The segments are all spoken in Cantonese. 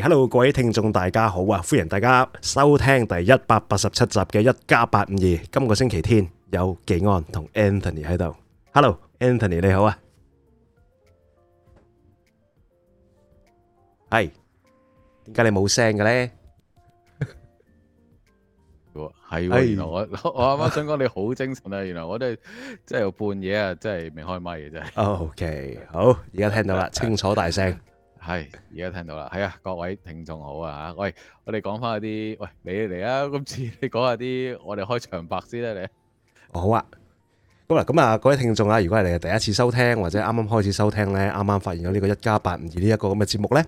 Hello，各位聽眾，大家好啊！歡迎大家收聽第一百八十七集嘅一加八五二。今個星期天有紀安同 Anthony 喺度。Hello，Anthony 你好啊，係，點解你冇聲嘅咧？係，原來我我啱啱想講你好精神啊！原來我哋即係半夜啊，即係未開麥嘅啫。OK，好，而家聽到啦，清楚大聲。係，而家聽到啦，係啊，各位聽眾好啊吓，喂，我哋講翻嗰啲，喂，你嚟啊，今次你講下啲，我哋開場白先啦，你，好啊，咁啦，咁啊，各位聽眾啊，如果係你第一次收聽或者啱啱開始收聽咧，啱啱發現咗呢個一家八五二呢一個咁嘅節目咧，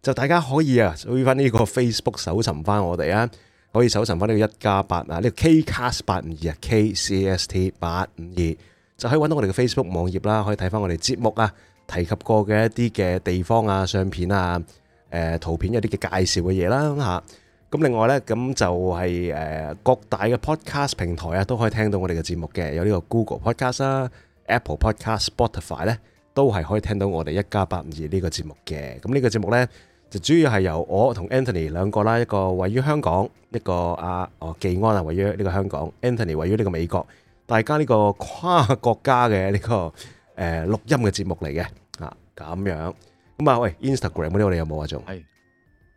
就大家可以啊，追翻呢個 Facebook 搜尋翻我哋啊，可以搜尋翻呢個一家八啊，呢個 Kcast 八五二啊，K C S T 八五二，就可以搵到我哋嘅 Facebook 網頁啦，可以睇翻我哋節目啊。提及過嘅一啲嘅地方啊、相片啊、誒、呃、圖片有啲嘅介紹嘅嘢啦嚇，咁另外呢，咁就係、是、誒、呃、各大嘅 Podcast 平台啊，都可以聽到我哋嘅節目嘅，有呢個 Google Podcast、啊、Apple Podcast、Spotify 咧，都係可以聽到我哋一家852呢個節目嘅。咁、嗯、呢、這個節目呢，就主要係由我同 Anthony 兩個啦，一個位於香港，一個啊哦寄安啊位於呢個香港，Anthony 位於呢個美國，大家呢個跨國家嘅呢、這個。誒，錄音嘅節目嚟嘅啊，咁樣咁啊，喂，Instagram 嗰啲我哋有冇啊？仲係，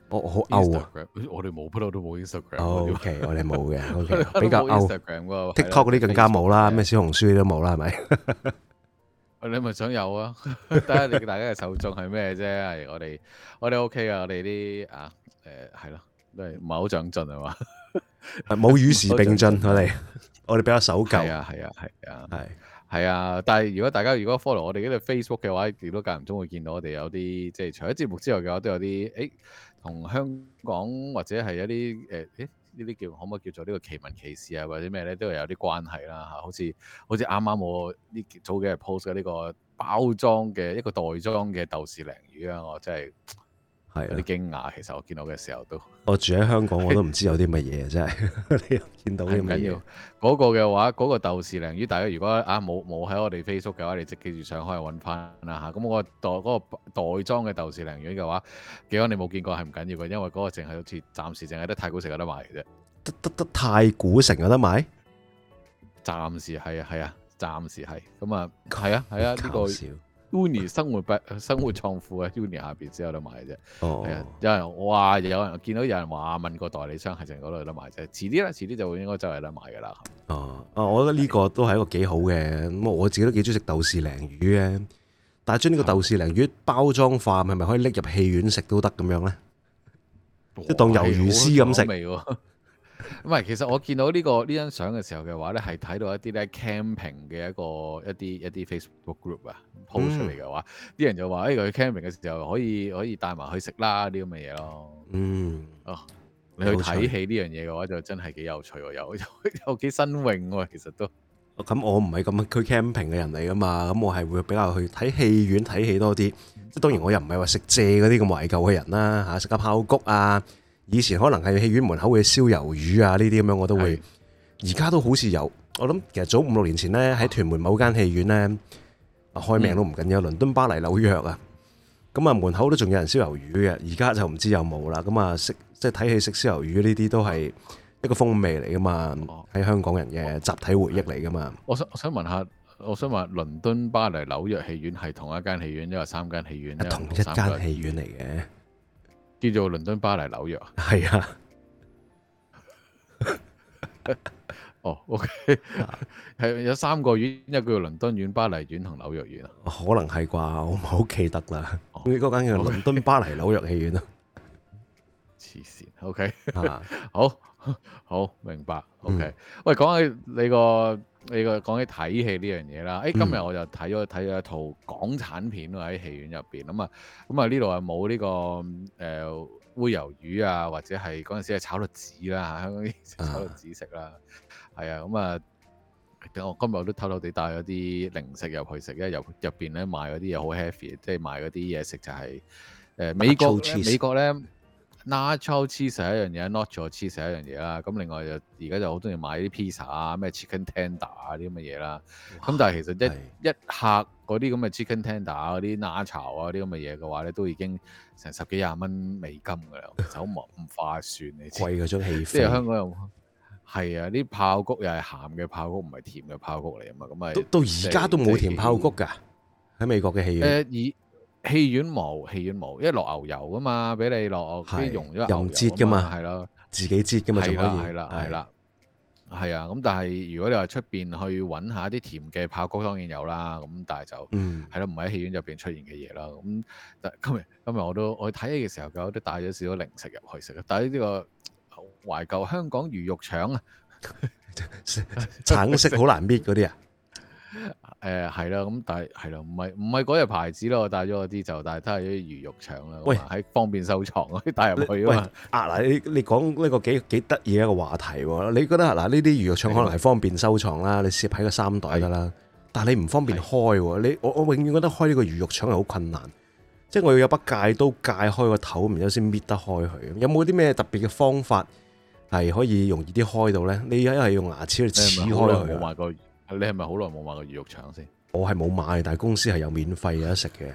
我好 out 啊！我哋冇，不嬲都冇 Instagram。O K，我哋冇嘅。O K，比較 out。TikTok 嗰啲更加冇啦，咩小紅書都冇啦，係咪？你咪想有啊？睇下你大家嘅受眾係咩啫？我哋我哋 O K 啊，我哋啲啊誒係咯，都係唔係好長進啊嘛，冇與時並進，我哋我哋比較守舊。係啊係啊係啊係。係啊，但係如果大家如果 follow 我哋嗰度 Facebook 嘅話，亦都間唔中會見到我哋有啲即係除咗節目之外嘅話，都有啲誒同香港或者係一啲誒誒呢啲叫可唔可以叫做呢個奇聞奇事啊，或者咩咧，都係有啲關係啦、啊、嚇，好似好似啱啱我呢早幾日 post 嘅呢個包裝嘅一個袋裝嘅豆豉鯪魚啊，我真係～係有啲驚訝，其實我見到嘅時候都我住喺香港，我都唔知有啲乜嘢真係你見到啲乜嘢。唔緊要，嗰個嘅話，嗰個豆豉鯪魚，大家如果啊冇冇喺我哋 Facebook 嘅話，你直記住上開去揾翻啦吓。咁我袋嗰個袋裝嘅豆豉鯪魚嘅話，結果你冇見過係唔緊要嘅，因為嗰個淨係好似暫時淨係得太古城有得賣嘅啫。得得得，太古城有得賣？暫時係啊係啊，暫時係。咁啊，係啊係啊，呢個。Uni 生活生活創庫啊？Uni 下邊先、oh. 有得買嘅啫，係啊！有人，我話有人見到有人話問過代理商，係成個都有得賣啫，遲啲啦，遲啲就會應該就係有得賣嘅啦。哦哦，我覺得呢個都係一個幾好嘅，咁我自己都幾中意食豆豉鯪魚嘅，但係將呢個豆豉鯪魚包裝化，係咪可以拎入戲院食都得咁樣咧？即當、oh. 魷魚絲咁食。味唔係，其實我見到呢、呢個呢張相嘅時候嘅話咧，係睇到一啲咧 camping 嘅一個一啲一啲 Facebook group 啊 po 出嚟嘅話，啲人就話，誒、欸、去 camping 嘅時候可以可以帶埋去食啦啲咁嘅嘢咯。嗯，啊，oh, 你去睇戲呢樣嘢嘅話，就真係幾有趣喎，又有幾新穎喎、啊，其實都。咁、嗯、我唔係咁，去 camping 嘅人嚟噶嘛，咁我係會比較去睇戲院睇戲多啲。即係、嗯、當然我又唔係話食借嗰啲咁懷舊嘅人啦，嚇食架爆谷啊！啊啊啊啊。以前可能係戲院門口會燒魷魚啊，呢啲咁樣我都會。而家都好似有。我諗其實早五六年前呢，喺屯門某間戲院呢，開名都唔緊要。倫敦、巴黎、紐約啊，咁啊門口都仲有人燒魷魚嘅。而家就唔知有冇啦。咁啊食即係睇戲食燒魷魚呢啲都係一個風味嚟噶嘛，喺香港人嘅集體回憶嚟噶嘛。我、哦、想我想問下，我想問倫敦、巴黎、紐約戲院係同一間戲院，因為三間戲院？同，戲院同一間戲院嚟嘅。叫做倫敦、巴黎、紐約是啊，係 啊、 哦，哦，OK，係 有三個院，一個叫倫敦院、巴黎院同紐約院啊， 可能係啩，我唔好記得啦。佢 嗰間叫倫敦、 巴黎、紐約戲院啊，黐 線。OK， 好好明白。OK，、嗯、 喂，講起你個。你個講起睇戲呢樣嘢啦，誒、欸、今日我就睇咗睇咗一套港產片喺戲院入邊咁啊，咁啊呢度係冇呢個誒、呃、烏魷魚啊，或者係嗰陣時係炒到紫啦，香港炒到紫色啦，係啊，啊，咁啊，等我今日我都偷偷地帶咗啲零食入去食，因為入入邊咧賣嗰啲嘢好 heavy，即係賣嗰啲嘢食就係、是、誒、呃、美國 操美國咧。Nacho 芝士成一樣嘢，Notch 我芝士成一樣嘢啦。咁另外就而家就好鍾意買啲 pizza 啊，咩 chicken tender 啊啲咁嘅嘢啦。咁哇但係其實一的一客嗰啲咁嘅 chicken tender 啊，嗰啲 nacho 啊啲咁嘅嘢嘅話咧，都已經成十幾廿蚊美金㗎啦，其實好唔化算你知 貴嗰種氣。即係香港又係啊，啲炮谷又係鹹嘅炮、炮谷，唔係甜嘅炮谷嚟啊嘛。咁咪到而家都冇甜炮谷㗎，喺美國嘅氣。誒戲院冇，戲院冇，一落牛油噶嘛，俾你落，俾溶咗，融折噶嘛，係咯，自己折噶嘛就可以，係啦，係啦，係啦，係啊，咁但係如果你話出邊去揾下啲甜嘅爆谷，當然有啦，咁但係就，嗯，係咯，唔喺戲院入邊出現嘅嘢啦，咁，但今日今日我都我睇嘅時候，我都帶咗少少零食入去食啦，帶啲呢個懷舊香港魚肉腸啊，橙色好難搣嗰啲啊。誒係啦，咁、嗯、但係係啦，唔係唔係嗰隻牌子咯，我戴咗嗰啲就，但係都係啲魚肉腸啦。喂，喺方便收藏喂 去喂啊，帶入去啊啊嗱，你你講呢個幾幾得意嘅一個話題喎。你覺得嗱，呢、啊、啲魚肉腸可能係方便收藏啦，啊、你攝喺個衫袋得啦。對但係你唔方便開喎。你對我我永遠覺得開呢個魚肉腸係好困難，即係我要有把戒刀戒開個頭，然之後先搣得開佢。有冇啲咩特別嘅方法係可以容易啲開到咧？你一係用牙齒嚟黐開佢。是你係咪好耐冇買過魚肉腸先？我係冇買，但係公司係有免費有得食嘅。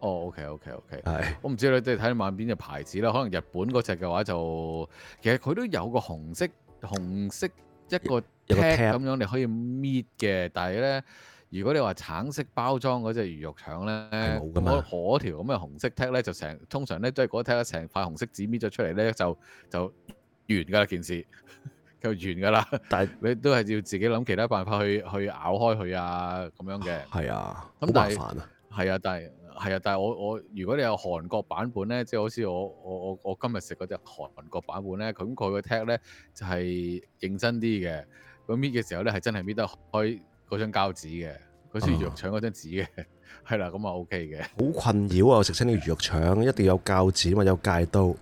哦，OK，OK，OK，係。我唔知你即係睇你買邊隻牌子啦。可能日本嗰隻嘅話就，其實佢都有個紅色紅色一個 tag 咁樣，你可以搣嘅。但係咧，如果你話橙色包裝嗰隻魚肉腸咧，咁啊，嗰條咁嘅紅色 tag 咧就成，通常咧即係嗰 tag 成塊紅色紙搣咗出嚟咧就就完㗎啦件事。就完噶啦，但係是你都係要自己諗其他辦法去去咬開佢啊，咁樣嘅。係啊，咁、啊、但係是係啊，啊，但係係啊，但係我我如果你有韓國版本咧，即係好似我我我我今日食嗰隻韓國版本咧，咁佢個 t e c h 咧就係認真啲嘅，咁搣嘅時候咧係真係搣得開嗰張膠紙嘅，好似魚肉腸嗰張紙嘅，係啦、啊 啊，咁啊 OK 嘅。好困擾啊！我食親啲魚肉腸一定要有膠紙嘛，有戒刀。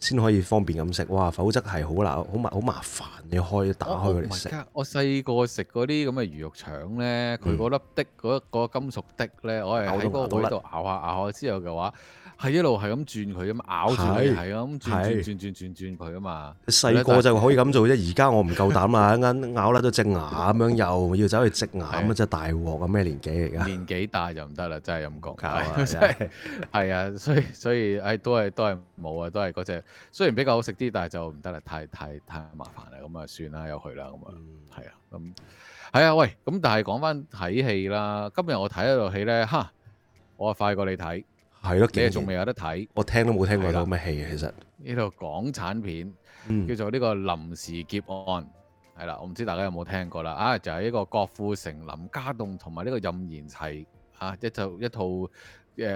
先可以方便咁食，哇！否則係好難，好麻好麻煩，你開打開佢嚟食。Oh my God，我細個食嗰啲咁嘅魚肉腸呢，佢嗰粒的嗰嗰、嗰個、金屬的呢，我係喺嗰個度咬下咬下之後嘅話。係一路係咁轉佢咁咬住佢係咁轉轉轉轉轉佢啊嘛。細個就可以咁做啫，而家我唔夠膽啦，一陣咬甩咗隻牙咁樣，又要走去植牙咁啊，隻大鑊咁咩年紀嚟㗎？年紀大就唔得啦，真係咁講。係啊，所以所以誒，都係都係冇啊，都係嗰隻。雖然比較好食啲，但係就唔得啦，太太太麻煩啦。咁啊，算啦，又去啦。咁啊，係啊、嗯，咁係啊，喂、嗯。咁但係講翻睇戲啦，今日我睇嗰套戲咧，吓我啊快過你睇。係咯，而且仲未有得睇。我聽都冇聽過有咩戲。其實呢套港產片、嗯、叫做呢個臨時劫案，係啦，我唔知大家有冇聽過啦。啊，就係、是、一個郭富城、林家棟同埋呢個任賢齊啊，一就一套誒龍、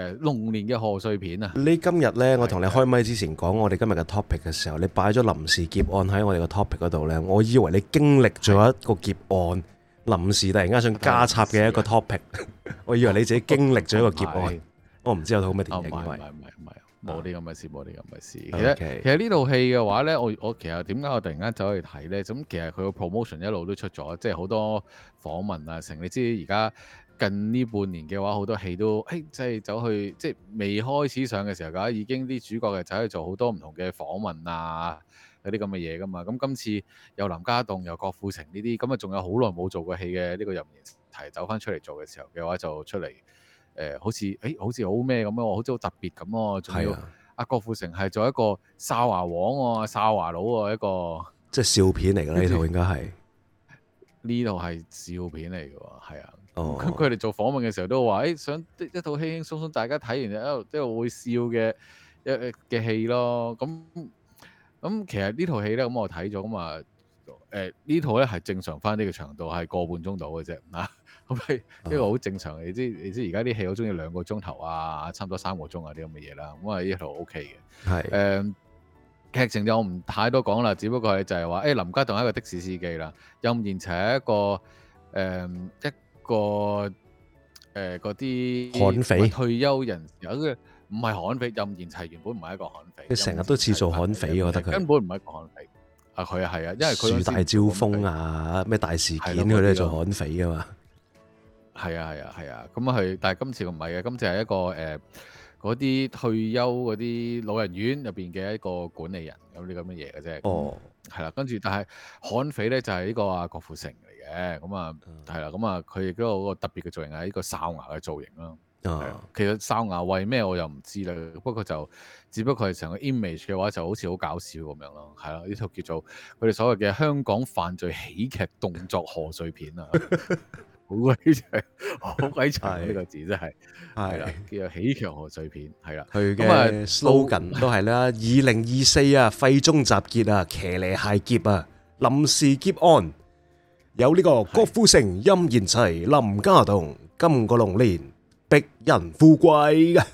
呃、年嘅賀歲片啊。你今日呢，的我同你開麥之前講我哋今日嘅 topic 嘅時候，你擺咗臨時劫案喺我哋嘅 topic 嗰度呢。我以為你經歷咗一個劫案，臨的時突然間想加插嘅一個 topic，的我以為你自己經歷咗一個劫案。的的 我唔、哦、知有好咩電影，唔係唔係唔係，冇啲咁嘅事，冇啲咁嘅事。其實呢套戲嘅話咧，我我其實點解我突然間走去睇咧？咁其實佢個 promotion 一路都出咗，即係好多訪問啊，成你知而家近呢半年嘅話，好多戲都誒、哎就是，即係走去即係未開始上嘅時候，咁已經啲主角嘅走去做好多唔同嘅訪問啊，嗰啲咁嘅嘢噶嘛。咁今次有林家棟、有郭富城呢啲，咁啊仲有好耐冇做過戲嘅呢、呢個任賢齊走翻出嚟做嘅時候嘅話，就出嚟。誒、呃、好似誒、欸、好似好咩咁啊，好似好特別咁咯，仲要阿郭富城係做一個沙華王喎、啊，沙華佬喎、啊、一個，即係笑片嚟嘅。呢套、嗯、應該係呢套係笑片嚟㗎喎，係啊，咁佢哋做訪問嘅時候都話誒、欸、想一套輕輕鬆鬆，大家睇完喺度即係會笑嘅一誒嘅戲咯，咁咁其實呢套戲咧，咁、嗯、我睇咗咁啊誒呢套咧係正常翻呢個長度係個半鐘度嘅啫啊。因為好正常，你知你知，而家啲戲好中意兩個鐘頭啊，差唔多三個鐘啊啲咁嘅嘢啦。咁啊，呢套 O K 嘅。係，誒，劇情就唔太多講啦，只不過係就係話，誒，林家棟係一個的士司機啦，任賢齊係一個，誒，一個，誒，嗰啲悍匪退休人士，唔係悍匪，任賢齊原本唔係一個悍匪，佢成日都似做悍匪，我覺得佢根本唔係悍匪。啊，佢係啊，因為佢樹大招風啊，咩大事件佢咧做悍匪噶嘛。係啊係啊係啊，咁啊係、啊，但係今次唔係嘅，今次係一個誒嗰啲退休嗰啲老人院入邊嘅一個管理人有啲咁嘅嘢嘅啫。哦，係啦、啊，跟住但係悍匪咧就係、是、呢個阿、啊、郭富城嚟嘅，咁啊係啦，咁、嗯、啊佢亦都有個特別嘅造型喺呢個哨牙嘅造型啦。啊，啊，其實哨牙為咩我又唔知啦，不過就只不過係成個 image 嘅話就好似好搞笑咁樣咯，係啦、啊，呢套叫做佢哋所謂嘅香港犯罪喜劇動作賀歲片啊。 好鬼慘，好鬼慘呢個字真係，係啦，叫做喜劇賀歲片，係啦，佢嘅 slogan 都係啦，二零二四啊，廢中集結啊，騎呢蟹劫啊，臨時劫案，有呢個郭富城、任賢齊、林家棟，今個龍年，逼人富貴噶，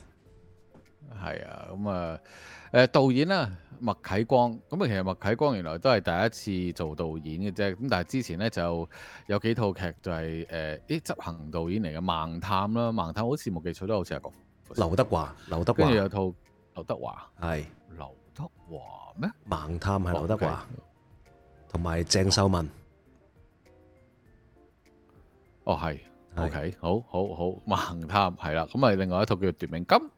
係啊，咁啊，誒，導演啊。麥啟光咁啊，其實麥啟光原來都係第一次做導演嘅啫，咁但係之前咧就有幾套劇就係誒啲執行導演嚟嘅《盲探》啦，《盲探》好似冇記錯都好似係個劉德華，劉德華跟住有套劉德華係劉德華咩？《盲探》係劉德華，同埋鄭秀文。哦，係，OK，好好好，好《盲探》係啦，咁啊，另外一套叫《奪命金》，《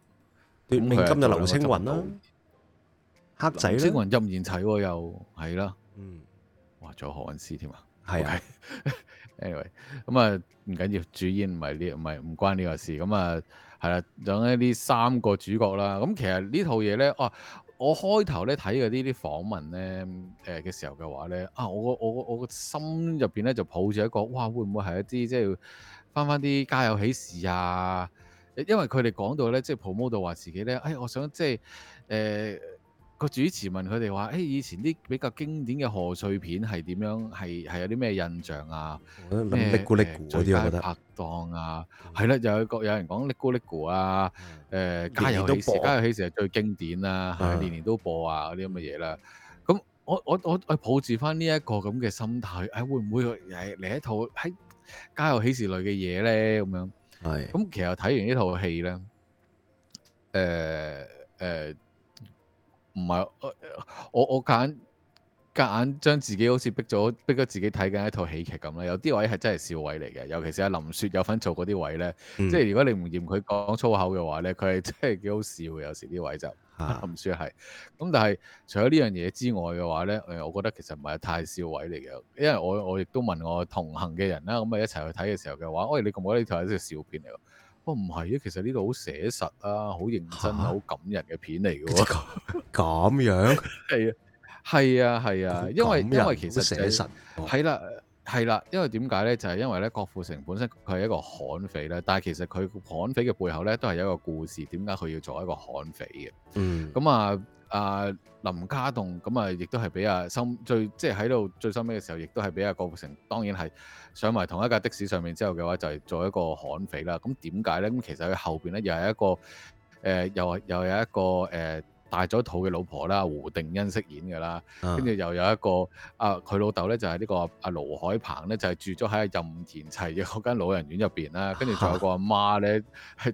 奪命金》就劉青雲囉。嗯黑仔咧，任賢齊又係啦，嗯，哇、嗯，仲、啊、有何韻詩添啊，Anyway，咁啊唔緊要，主演唔係呢，唔係唔關呢個事，咁啊係啦，總一啲三個主角啦，咁、嗯、其實套呢套嘢咧，啊，我開頭咧睇嗰啲啲訪問咧，誒、呃、嘅時候嘅話咧，啊，我我我個心入邊咧就抱住一個，哇，會唔會係一啲即係翻翻啲家有喜事啊？因為佢哋講到咧，即係 promoter 話自己咧，哎、呃，我想即係誒。個主持問佢哋話：誒以前啲比較經典嘅賀歲片係點樣？係係有啲咩印象啊？咩？《叻哥叻哥嚦咕嚦咕》嗰啲，我覺得拍檔啊，係啦，有個有人講《嚦咕嚦咕》啊，誒《家有喜事》《家有喜事》係最經典啦，係年年都播啊嗰啲咁嘅嘢啦。咁我我我我抱住翻呢一個咁嘅心態，誒會唔會誒嚟一套喺《家有喜事》類嘅嘢咧？咁樣係。咁其實睇完呢套戲咧，誒誒。唔係我我我夾硬夾硬將自己好似逼咗逼咗自己睇緊一套喜劇咁啦，有啲位係真係笑位嚟嘅，尤其是阿林雪有份做嗰啲位呢。嗯、即係如果你唔嫌佢講粗口嘅話呢，佢係真係幾好笑嘅，有時啲位就林雪係。咁、啊、但係除咗呢樣嘢之外嘅話呢，誒，我覺得其實唔係太笑位嚟嘅，因為我我亦都問我同行嘅人啦，咁啊一齊去睇嘅時候嘅話，喂，你覺唔覺得呢條係笑片嚟㗎？唔係啊，其實呢度好寫實啊，好認真、好、啊、感人嘅片嚟嘅喎。咁樣係啊，係 啊，係啊，啊，啊，因為因為其實係、就、啦、是，係啦實、啊啊，因為點解咧？就係、是、因為咧，郭富城本身佢係一個悍匪咧，但係其實佢悍匪嘅背後咧都係有一個故事，點解佢要做一個悍匪嘅？嗯，咁啊。啊，林家棟咁啊，亦、嗯、都係俾阿心。最即係喺度最深尾嘅時候，亦都係俾阿郭富城，當然係上埋同一架的士上面之後嘅話，就係、是、做一個悍匪啦。咁點解咧？咁、嗯、其實佢後邊咧又係一個誒、呃，又又有一個誒。呃大咗肚嘅老婆啦，胡定欣飾演嘅啦，跟住又有一個啊，佢老豆咧就係呢個阿盧海鵬咧，就係、是這個、住咗喺任賢齊嗰間老人院入邊啦。跟住仲有個阿媽咧，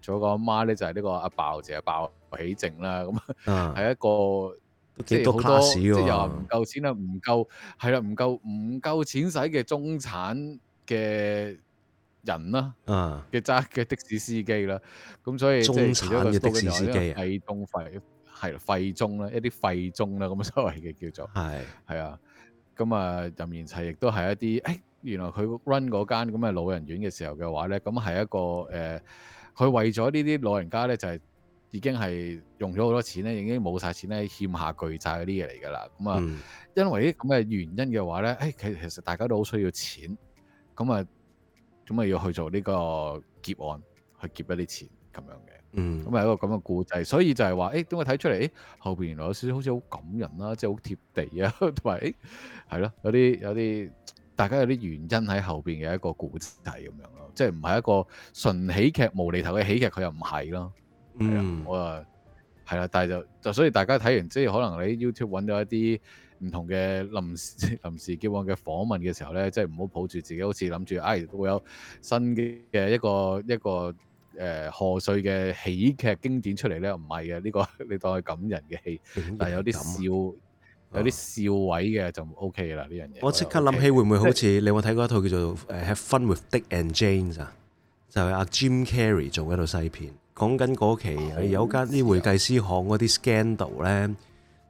仲、啊、有個阿媽咧就係呢個阿鮑，就係鮑起靜啦。咁係一個即係好多，即係又話唔夠錢啊，唔夠係啦，唔夠唔夠錢使嘅中產嘅人啦。嘅揸嘅的士司機啦，咁所以即係一個的士司機喺東費。係啦，廢中咧，一啲廢中啦，咁所謂嘅叫做係係啊，咁啊的任賢齊亦都係一啲，誒、哎、原來佢 run 嗰間咁嘅老人院嘅時候嘅話咧，咁係一個誒，佢、呃、為咗呢啲老人家咧就係、是、已經係用咗好多錢咧，已經冇晒錢咧欠下巨債嗰啲嘢嚟㗎啦。咁啊，嗯、因為啲咁嘅原因嘅話咧，誒、哎、其其實大家都好需要錢，咁啊咁啊要去做呢個劫案去劫一啲錢。咁樣嘅，嗯，咁係一個咁嘅故仔，所以就係話，誒、欸，點解睇出嚟？誒、欸，後邊原來有少少好似好感人啦、啊，即係好貼地啊，同埋，誒、欸，係咯，有啲有啲，大家有啲原因喺後邊嘅一個故仔咁樣咯，即係唔係一個純喜劇無厘頭嘅喜劇，佢又唔係咯，嗯，我啊係啦，但係就就所以大家睇完，即係可能你 YouTube 揾到一啲唔同嘅臨時臨時劫案嘅訪問嘅時候咧，即係唔好抱住自己，好似諗住，誒、哎，會有新嘅一個一個。一個一個誒賀歲嘅喜劇經典出嚟咧，唔係嘅，呢個你當係感人嘅戲，但係有啲笑有啲笑位嘅就 OK 啦呢樣嘢。我即刻諗起會唔會好似你有冇睇過一套叫做《誒 Have Fun With Dick and Jane》啊？就係阿 Jim Carrey 做一套西片，講緊嗰期有間啲會計師行嗰啲 scandal 咧，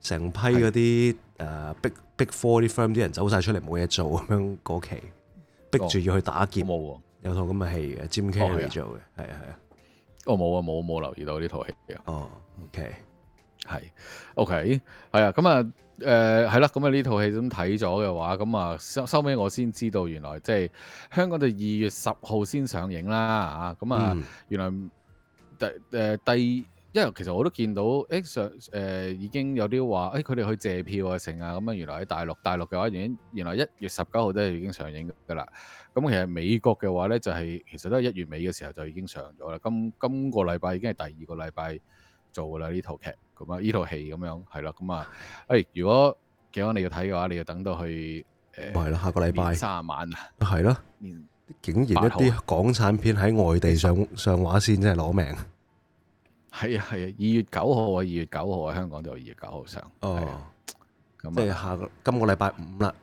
成批嗰啲誒 Big Big Four 啲 firm 啲人走曬出嚟冇嘢做咁樣嗰期，逼住要去打劫。有套咁嘅戲嘅，尖 K 嚟做嘅，係啊係啊，我冇啊冇冇留意到呢套戲啊。哦、oh，OK，係，OK，係啊。咁啊，誒係啦。咁啊，呢套戲咁睇咗嘅話，咁啊收尾我先知道，原來即係、就是、香港就二月十號先上映啦啊。咁啊，嗯、原來第誒第。第第因為其實我都見到，誒上誒已經有啲話，誒佢哋去借票啊，成啊，咁啊原來喺大陸，大陸嘅話已經原來一月十九號都係已經上映嘅啦。咁其實美國嘅話呢，就係其實都係一月尾嘅時候就已經上咗啦。咁今個禮拜已經係第二個禮拜做嘅啦呢套劇，咁啊呢套戲咁樣係啦。咁啊誒，如果幾晚你要睇嘅話，你要等到去誒，係啦，下個禮拜卅晚啊，係咯，竟然一啲港產片喺外地上上畫先，真係攞命。係啊係啊，二月九號啊，二月九號啊，香港就二月九號上哦。即係下個今個禮拜五啦，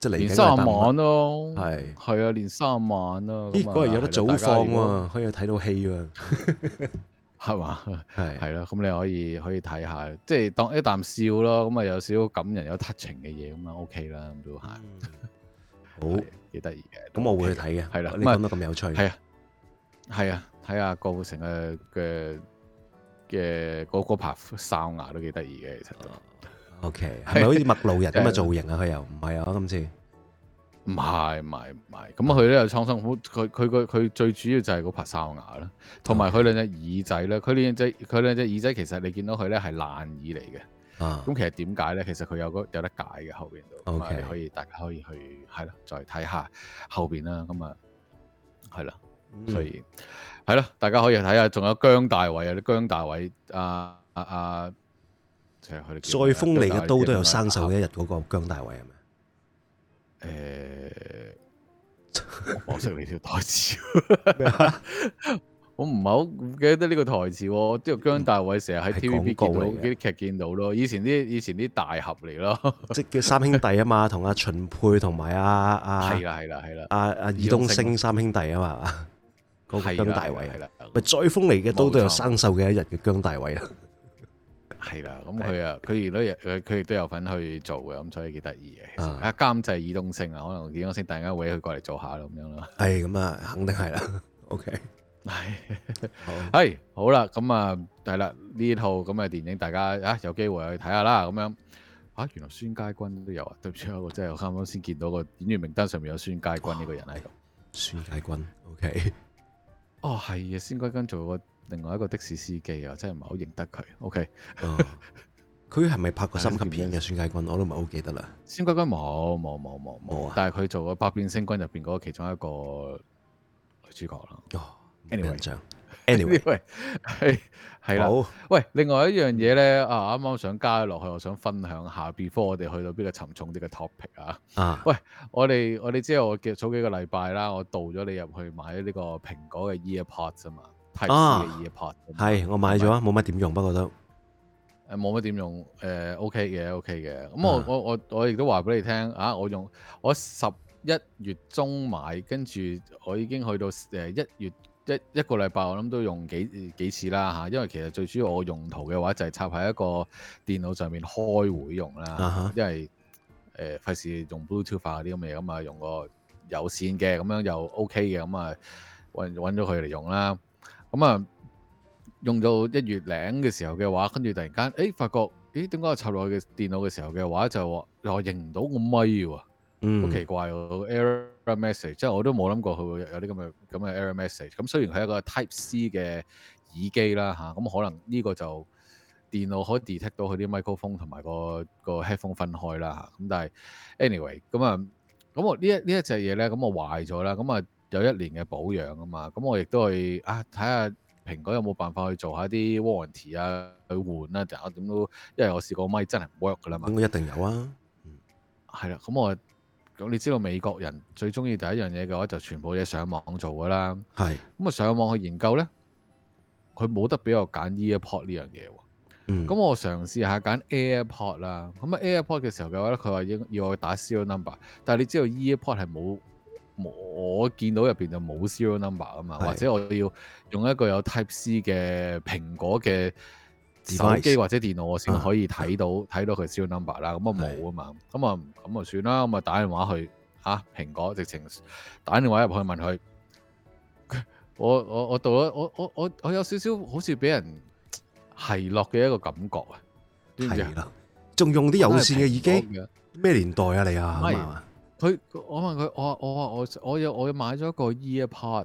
即係連三晚咯。係係啊，連三晚啦。咦，嗰日有得早放喎，可以睇到戲啊，係嘛？係係咯，咁你可以可以睇下，即係當一啖笑咯。咁啊，有少少感人、有 touching 嘅嘢，咁啊 OK 啦，咁都係。好，幾得意嘅。咁我會去睇嘅。係啦，你講得咁有趣。係啊，係啊。睇下郭富城嘅嘅嘅個個排哨牙都幾得意嘅，其實都 OK。係咪好似麥路人咁嘅造型啊？佢 又唔係啊，今次唔係唔係唔係。咁佢咧又創新，佢佢佢最主要就係嗰排哨牙啦，同埋佢兩隻耳仔咧。佢兩隻佢兩隻耳仔其實你見到佢咧係爛耳嚟嘅。啊、嗯，咁其實點解咧？其實佢有個有得解嘅後邊都、嗯、OK，你可以，大家可以去係啦，再睇下後邊啦。咁啊，係啦。所以係咯，大家可以睇下，仲有姜大偉啊，姜大偉，阿阿阿，即係佢哋。再鋒利嘅刀都有生銹一日嗰個姜大偉係咪？誒，我識你條台詞，我唔係好記得呢個台詞。即係姜大偉成日喺 TVB 見到，啲劇見到咯。以前啲以前啲大俠嚟咯，即叫三兄弟啊嘛，同阿秦沛同埋阿阿，係啦係啦係啦，阿阿爾東升三兄弟啊嘛。嗰個姜大偉係啦，咪再鋒利嘅刀都有生鏽嘅一日嘅姜大偉啦。係啦，咁佢啊，佢亦佢佢亦都有份去做嘅，咁所以幾得意嘅。啊，監製爾冬升啊，可能點解先突然間搲佢過嚟做下咯，咁樣咯。係，咁啊，肯定係啦。OK，係，好啦，咁啊，係啦，呢套咁嘅電影，大家啊，有機會去睇下啦。咁樣，啊，原來孫佳君都有啊，對唔住，我真係我啱啱先見到個演員名單上面有孫佳君呢個人喺度。啊，孫佳君，OK。哦，係啊，孫佳君做過另外一個的士司機啊，真係唔係好認得佢。OK，佢係咪拍過三級片嘅孫佳君？我都唔係好記得啦。孫佳君冇冇冇冇冇啊！但係佢做過《百變星君》入邊嗰個其中一個女主角啦。哦，Anyway，Anyway，誒。係啦，好喂，另外一樣嘢咧，啊，啱啱想加落去，我想分享下，Before 我哋去到邊個沉重啲嘅 topic 啊？啊，喂，我哋我哋知我叫早幾個禮拜啦，我導咗你入去買呢個蘋果嘅 EarPods 啊嘛，太貴嘅 EarPods，係我買咗啊，冇乜點用不過都，誒冇乜點用，誒 OK 嘅 OK 嘅，咁我我我我亦都話俾你聽啊，我用我十一月中買，跟住我已經去到誒一月。一一個禮拜我諗都用幾幾次啦嚇，因為其實最主要我用途嘅話就係插喺一個電腦上面開會用啦，uh huh. 因為誒費事用 Bluetooth 化啲咁嘅嘢咁啊，用個有線嘅咁樣又 OK 嘅咁啊，搵搵咗佢嚟用啦。咁啊，用到一月零嘅時候嘅話，跟住突然間誒、欸、發覺，咦，點解我插落去嘅電腦嘅時候嘅話就話又認唔到個咪喎、啊？好、嗯、奇怪喎，error message，即係我都冇諗過佢會有啲咁嘅咁嘅 error message。咁雖然佢係一個 Type C 嘅耳機啦嚇，咁、啊、可能呢個就電腦可以 detect 到佢啲 microphone 同埋個、個個 headphone 分開啦嚇。咁但係 anyway，咁啊，咁、anyway，嗯、我一一呢一呢一隻嘢咧，咁我壞咗啦，咁啊有一年嘅保養啊嘛，咁我亦都去啊睇下蘋果有冇辦法去做一下啲 warranty 啊去換啊，就點都，因為我試過麥真係 work 噶啦嘛。應該一定有啊，嗯，係啦，咁、嗯、我。嗯嗯嗯嗯嗯咁你知道美國人最中意第一樣嘢嘅話就全部嘢上網做㗎啦，係咁啊上網去研究咧，佢冇得俾我揀 EarPod 呢樣嘢喎，咁我嘗試下揀 AirPod 啦，咁啊 AirPod 嘅時候嘅話咧，佢話要要我去打 serial number，但係你知道 EarPod 係冇冇我見到入邊就冇 serial number 啊嘛，是或者我要用一個有 type C 嘅蘋果嘅。手機或者電腦我先可以睇到睇，嗯、到佢 show number 啦，嗯，咁啊冇啊嘛，咁啊咁啊算啦，我咪打電話去吓，啊，蘋果直情打電話入去問佢，我我我到咗我我我我有少少好似俾人奚落嘅一個感覺啊，係咯的，仲用啲有線嘅耳機，咩年代啊你啊，佢是我問佢我我我我我我買咗一個 earpod。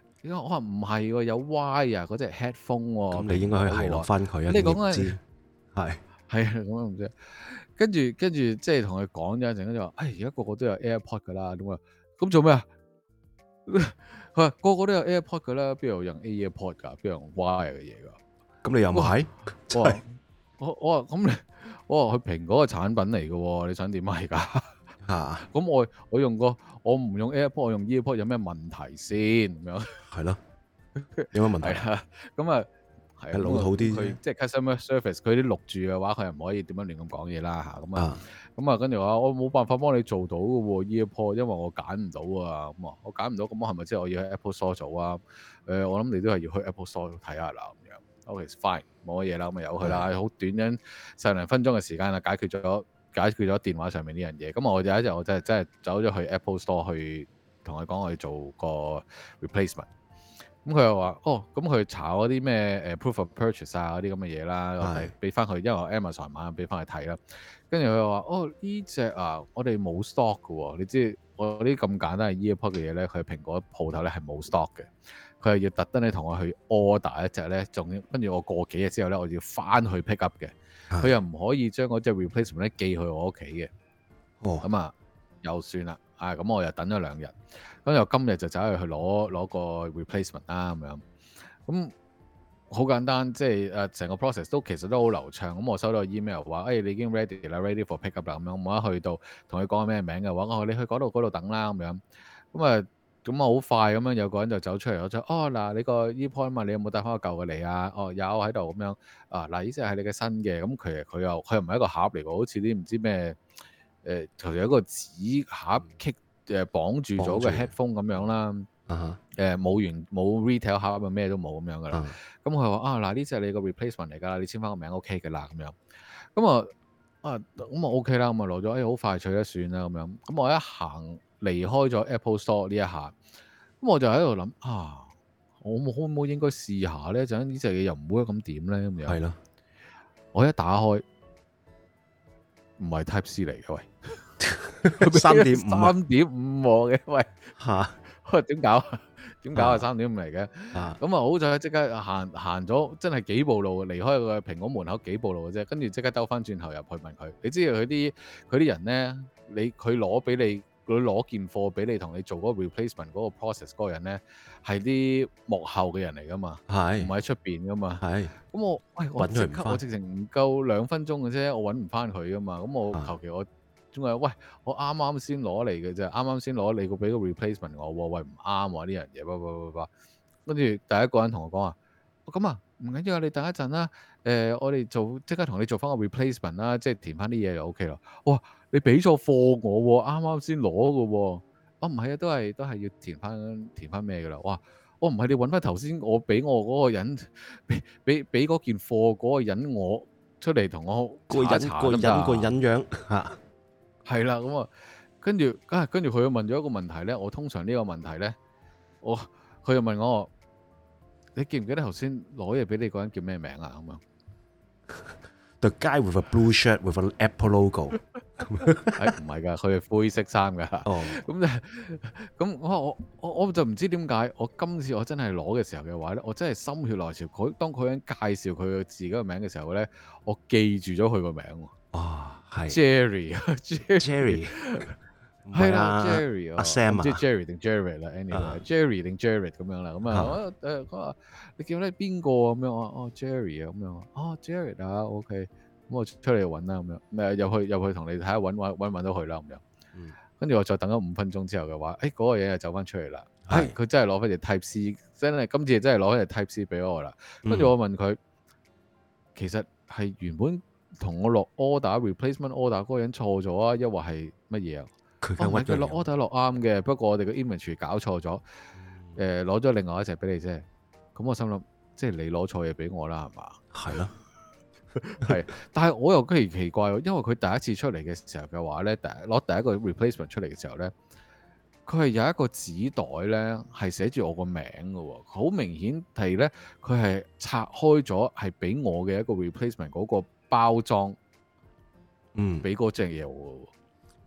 點解我話唔係喎？有 Y 啊、哦，嗰隻 headphone 喎。咁你應該去係落翻佢啊。你講緊係係啊，咁樣唔知。是知跟住跟住，即係同佢講咗一陣間就話，哎，而家個個都有 AirPod 噶啦。咁啊，咁做咩啊？佢 話個個都有 AirPod 噶啦，邊有人 AirPod 噶？邊用 Y 嘅嘢噶？咁你又唔係？喂，我我話咁你，我話佢蘋果嘅產品嚟嘅喎，你想點係㗎？ 嚇！咁、啊、我我用個我唔用 AirPod，我用 EarPod 有咩問題先咁樣？係 咯，有咩問題啊？咁啊，係老土啲。即係 customer service，佢啲錄住嘅話，佢又唔可以點樣亂咁講嘢啦嚇。咁啊，咁啊，跟住話我冇辦法幫你做到嘅喎 EarPod，因為我揀唔到啊。咁、呃、啊，我揀唔到，咁我係咪即係我要喺 Apple Store 做啊？誒，我諗你都係要去 Apple Store 度睇下啦咁樣。o、okay, k fine，冇乜嘢啦，咁咪由佢啦。好、嗯、短，因十零分鐘嘅時間啊，解決咗。解決咗電話上面呢樣嘢，咁我有一日我真係真係走咗去 Apple Store 去同佢講我去做個 replacement，咁佢又話哦，咁佢查嗰啲咩誒 proof of purchase 啊嗰啲咁嘅嘢啦，俾翻佢，因為我 Amazon 買，俾翻佢睇啦。跟住佢又話哦呢隻啊，我哋冇 stock 嘅喎、哦，你知我啲咁簡單嘅 EarPod 嘅嘢咧，佢蘋果鋪頭咧係冇 stock 嘅，佢係要特登你同我去 order 一隻咧，仲跟住我過幾日之後咧，我要翻去 pickup 嘅。佢又唔可以將嗰隻 replacement 咧寄去我屋企嘅，咁、哦、啊又算啦，啊咁我又等咗兩日，咁又今日就走去去攞攞個 replacement 啦、啊、咁樣，咁好簡單，即係誒成個 process 都其實都好流暢，咁我收到 email 話誒、哎、你已經 ready 啦，ready for pickup 啦，咁樣，我一去到同佢講個咩名嘅話，我話、啊、你去嗰度嗰度等啦咁樣，咁啊～咁啊，好快咁樣有個人就走出嚟，我就哦嗱，你個 EarPods 嘛，你有冇帶翻個舊嘅嚟啊？哦，有喺度咁樣啊嗱，呢隻係你嘅新嘅，咁其實佢又佢又唔係一個盒嚟喎，好似啲唔知咩誒，同時一個紙盒棘誒綁住咗個 headphone 咁樣啦，誒冇完冇 retail 盒咪咩都冇咁樣㗎啦。咁佢話啊嗱，呢隻係你個 replacement 嚟㗎，你簽翻個名 OK 噶啦，咁樣。咁我啊咁啊 OK 啦，咁咪攞咗，哎好快脆啊，算啦咁樣。咁我一行，離開咗 Apple Store 呢一下，咁我就喺度諗啊，我冇可唔可以應該試下咧？就呢隻嘢又唔會咁點咧咁樣。係咯的，我一打開唔係 Type C 嚟嘅喂，三點三點五嘅喂嚇，喂點、啊、搞？點搞啊？三點五嚟嘅，咁啊好彩即刻行行咗，真係幾步路，離開個蘋果門口幾步路嘅啫，跟住即刻兜翻轉頭入去問佢。你知道佢啲佢啲人咧，你佢攞俾你。佢攞件貨俾你，同你做嗰 replacement 嗰個 process 嗰個人咧，係啲幕後嘅人嚟噶嘛，唔喺出邊噶嘛。咁是我喂，我直情我直情唔夠兩分鐘嘅啫，我揾唔翻佢噶嘛。咁我求其我，仲有喂，我啱啱先攞嚟嘅啫，啱啱先攞你個俾個 replacement 我，喂唔啱啊，呢樣嘢，巴拉巴拉巴拉。跟住第一個人同我講話，咁、哦、啊唔緊要啊，你等一陣啦。誒、呃，我哋做即刻同你做翻個 replacement 啦，即係填翻啲嘢就 OK 啦。哇！哇你俾咗貨我，啱啱先攞嘅喎，我唔係啊，都係都係要填翻填翻咩嘅啦，哇！哦、我唔係你揾翻頭先我俾我嗰個人，俾俾俾嗰件貨嗰個人我出嚟同我過人。過人過隱樣嚇，係啦，咁、 嗯、啊，跟住啊跟住佢又問咗一個問題咧，我通常呢個問題咧，我、哦、佢又問我，你記唔記得頭先攞嘢俾你嗰人叫咩名啊？咁樣。The guy with a blue shirt with an Apple logo，唔係㗎，佢係灰色衫㗎。哦、oh. 嗯，咁就咁我我我就唔知點解，我今次我真係攞嘅時候嘅話咧，我真係心血來潮，佢當佢喺介紹佢嘅自己個名嘅時候咧，我記住咗佢個名喎。啊，係。Jerry 啊，Jerry。係啦，Jerry 啊 Sam 啊，即係 Jerry 定 Jared 啦，anyway，Jerry 定 Jared 咁樣啦。咁、uh, uh, 啊，誒，佢話你叫咩邊個咁樣？啊、哦，哦，Jerry 啊，咁樣哦 Jared 啊，OK。咁我出嚟揾啦，咁樣誒，又去又去同你睇下揾揾揾到佢啦，咁樣。跟住我再等咗五分鐘之後嘅話，誒、哎、嗰、那個嘢就走翻出嚟啦。係佢是真係攞翻隻 Type C，真係今次真係攞翻隻 Type C 俾我啦。跟住我問佢，嗯、其實係原本同我落 order replacement order 嗰個人錯咗啊，抑或係乜嘢啊？佢、哦、落 order 落啱嘅，不過我哋個 image 搞錯咗，誒，攞咗另外一隻俾你啫。咁我心諗，即係你攞錯嘢俾我啦，係嘛？係咯是、啊，係。 但係我又覺得奇怪，因為佢第一次出嚟嘅時候嘅話咧，第攞第一個 replacement 出嚟嘅時候咧，佢係有一個紙袋咧，係寫住我個名嘅喎。好明顯係咧，佢係拆開咗，係俾我嘅一個 replacement 嗰個包裝，嗯，俾嗰隻嘢我。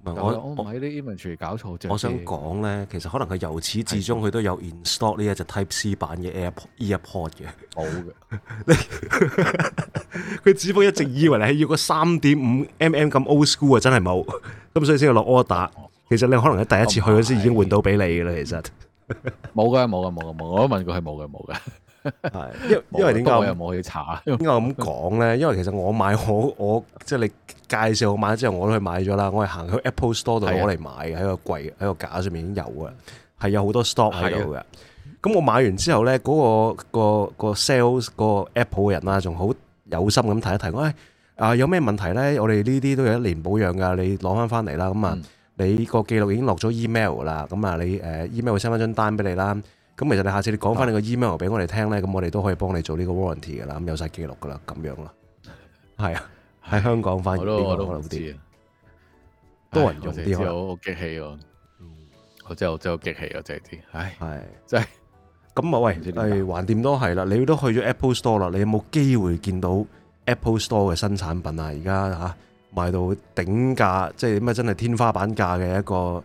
我我唔係啲 image 搞錯，我想講咧，我其實可能佢由始至終佢是的 都有 install 呢一隻 Type C 版嘅 Air e EarPod 嘅，冇嘅。佢只不過一直以為你係要個三點五 mm 咁 old school 啊，真係冇，咁 所以先去落 order、哦。其實你可能喺第一次去嗰時不已經換到俾你嘅啦，其實冇噶，冇噶，冇噶，冇。我都問過係冇噶，冇噶。係，因因為點解我又冇去查？點解咁講咧？因為其實我買我我即係你介紹我買之後，我都去買咗啦。我係行去 Apple Store 度攞嚟買嘅，喺的個櫃喺個架上面已經有噶啦，係有好多 stock s t o c k 喺度嘅。咁我買完之後咧，嗰、那個、那個、那個 sales、那個 Apple 嘅人啊，仲好有心咁提一提喂、欸，啊有咩問題咧？我哋呢啲都有一年保養噶，你攞翻翻嚟啦。咁、嗯、啊，那你那個記錄已經落咗 email 啦。咁啊，你、呃、誒 email 會 send 翻張單俾你啦。咁其實你下次你講翻你個 email 俾我哋聽咧，咁是的 我哋都可以幫你做呢個 warranty 噶啦，咁有晒記錄噶啦，咁樣咯。係啊，喺的 香港翻，我都也我都知啲，知多人用啲，我好激氣我，我真係我，我真係好激氣我隻耳，唉，真係的。咁啊 喂，係橫掂都係啦，你都去咗 Apple Store 啦，你有冇機會見到 Apple Store 嘅新產品啊？而家嚇賣到頂價，即係乜真係天花板價嘅一個。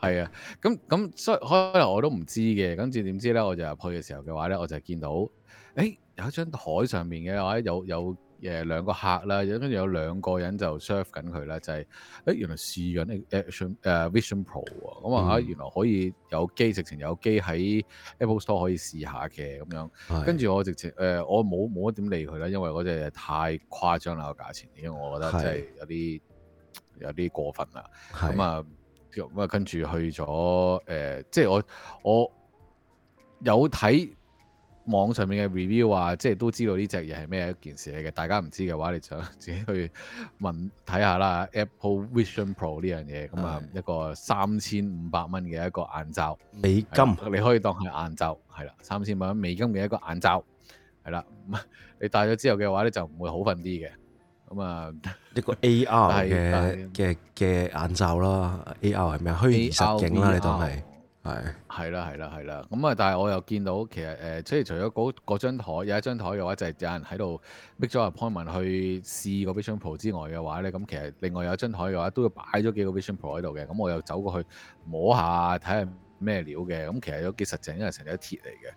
係啊，咁咁所以可能我都唔知嘅，跟住點知咧？我就入去嘅時候嘅話咧，我就見到，誒、欸、有一張台上面嘅話有有誒、呃、兩個客啦，跟住有兩個人就 s h i f t 緊佢啦，就係、是、誒、欸、原來試緊誒、呃、Vision Pro 啊，咁啊嚇原來可以有機直情有機喺 Apple Store 可以試下嘅咁樣，的跟住我直情誒、呃、我冇冇乜點理佢啦，因為嗰隻嘢太誇張啦個價錢，因為我覺得真係有啲的有啲過分啦，咁啊～的咁啊，跟住去咗誒、呃，即係我我有睇網上面嘅 review 啊，即係都知道呢隻嘢係咩一件事嚟嘅。大家唔知嘅話，你就自己去問睇下啦。Apple Vision Pro 呢樣嘢，咁啊、嗯、一個三千五百蚊嘅一個眼罩，美金你可以當係眼罩，係啦，三千蚊美金嘅一個眼罩，係啦。你戴咗之後嘅話咧，就唔會好瞓啲嘅。咁啊，嗯、 一個 AR 嘅嘅嘅眼罩啦，AR 係咩啊？AR，虛擬實境啦，呢度係係係啦係啦係啦。咁啊，uh，但係我又見到其實誒，即、uh，係除咗嗰張台有一張台嘅話，就係有人喺度 make 咗 appointment 去試嗰 Vision Pro 之外嘅話咧，咁其實另外有一張台嘅話，都要擺咗幾個 Vision Pro 喺度嘅。咁我又走過去摸下睇下咩料嘅。咁其實有幾實淨，因為成日鐵嚟嘅。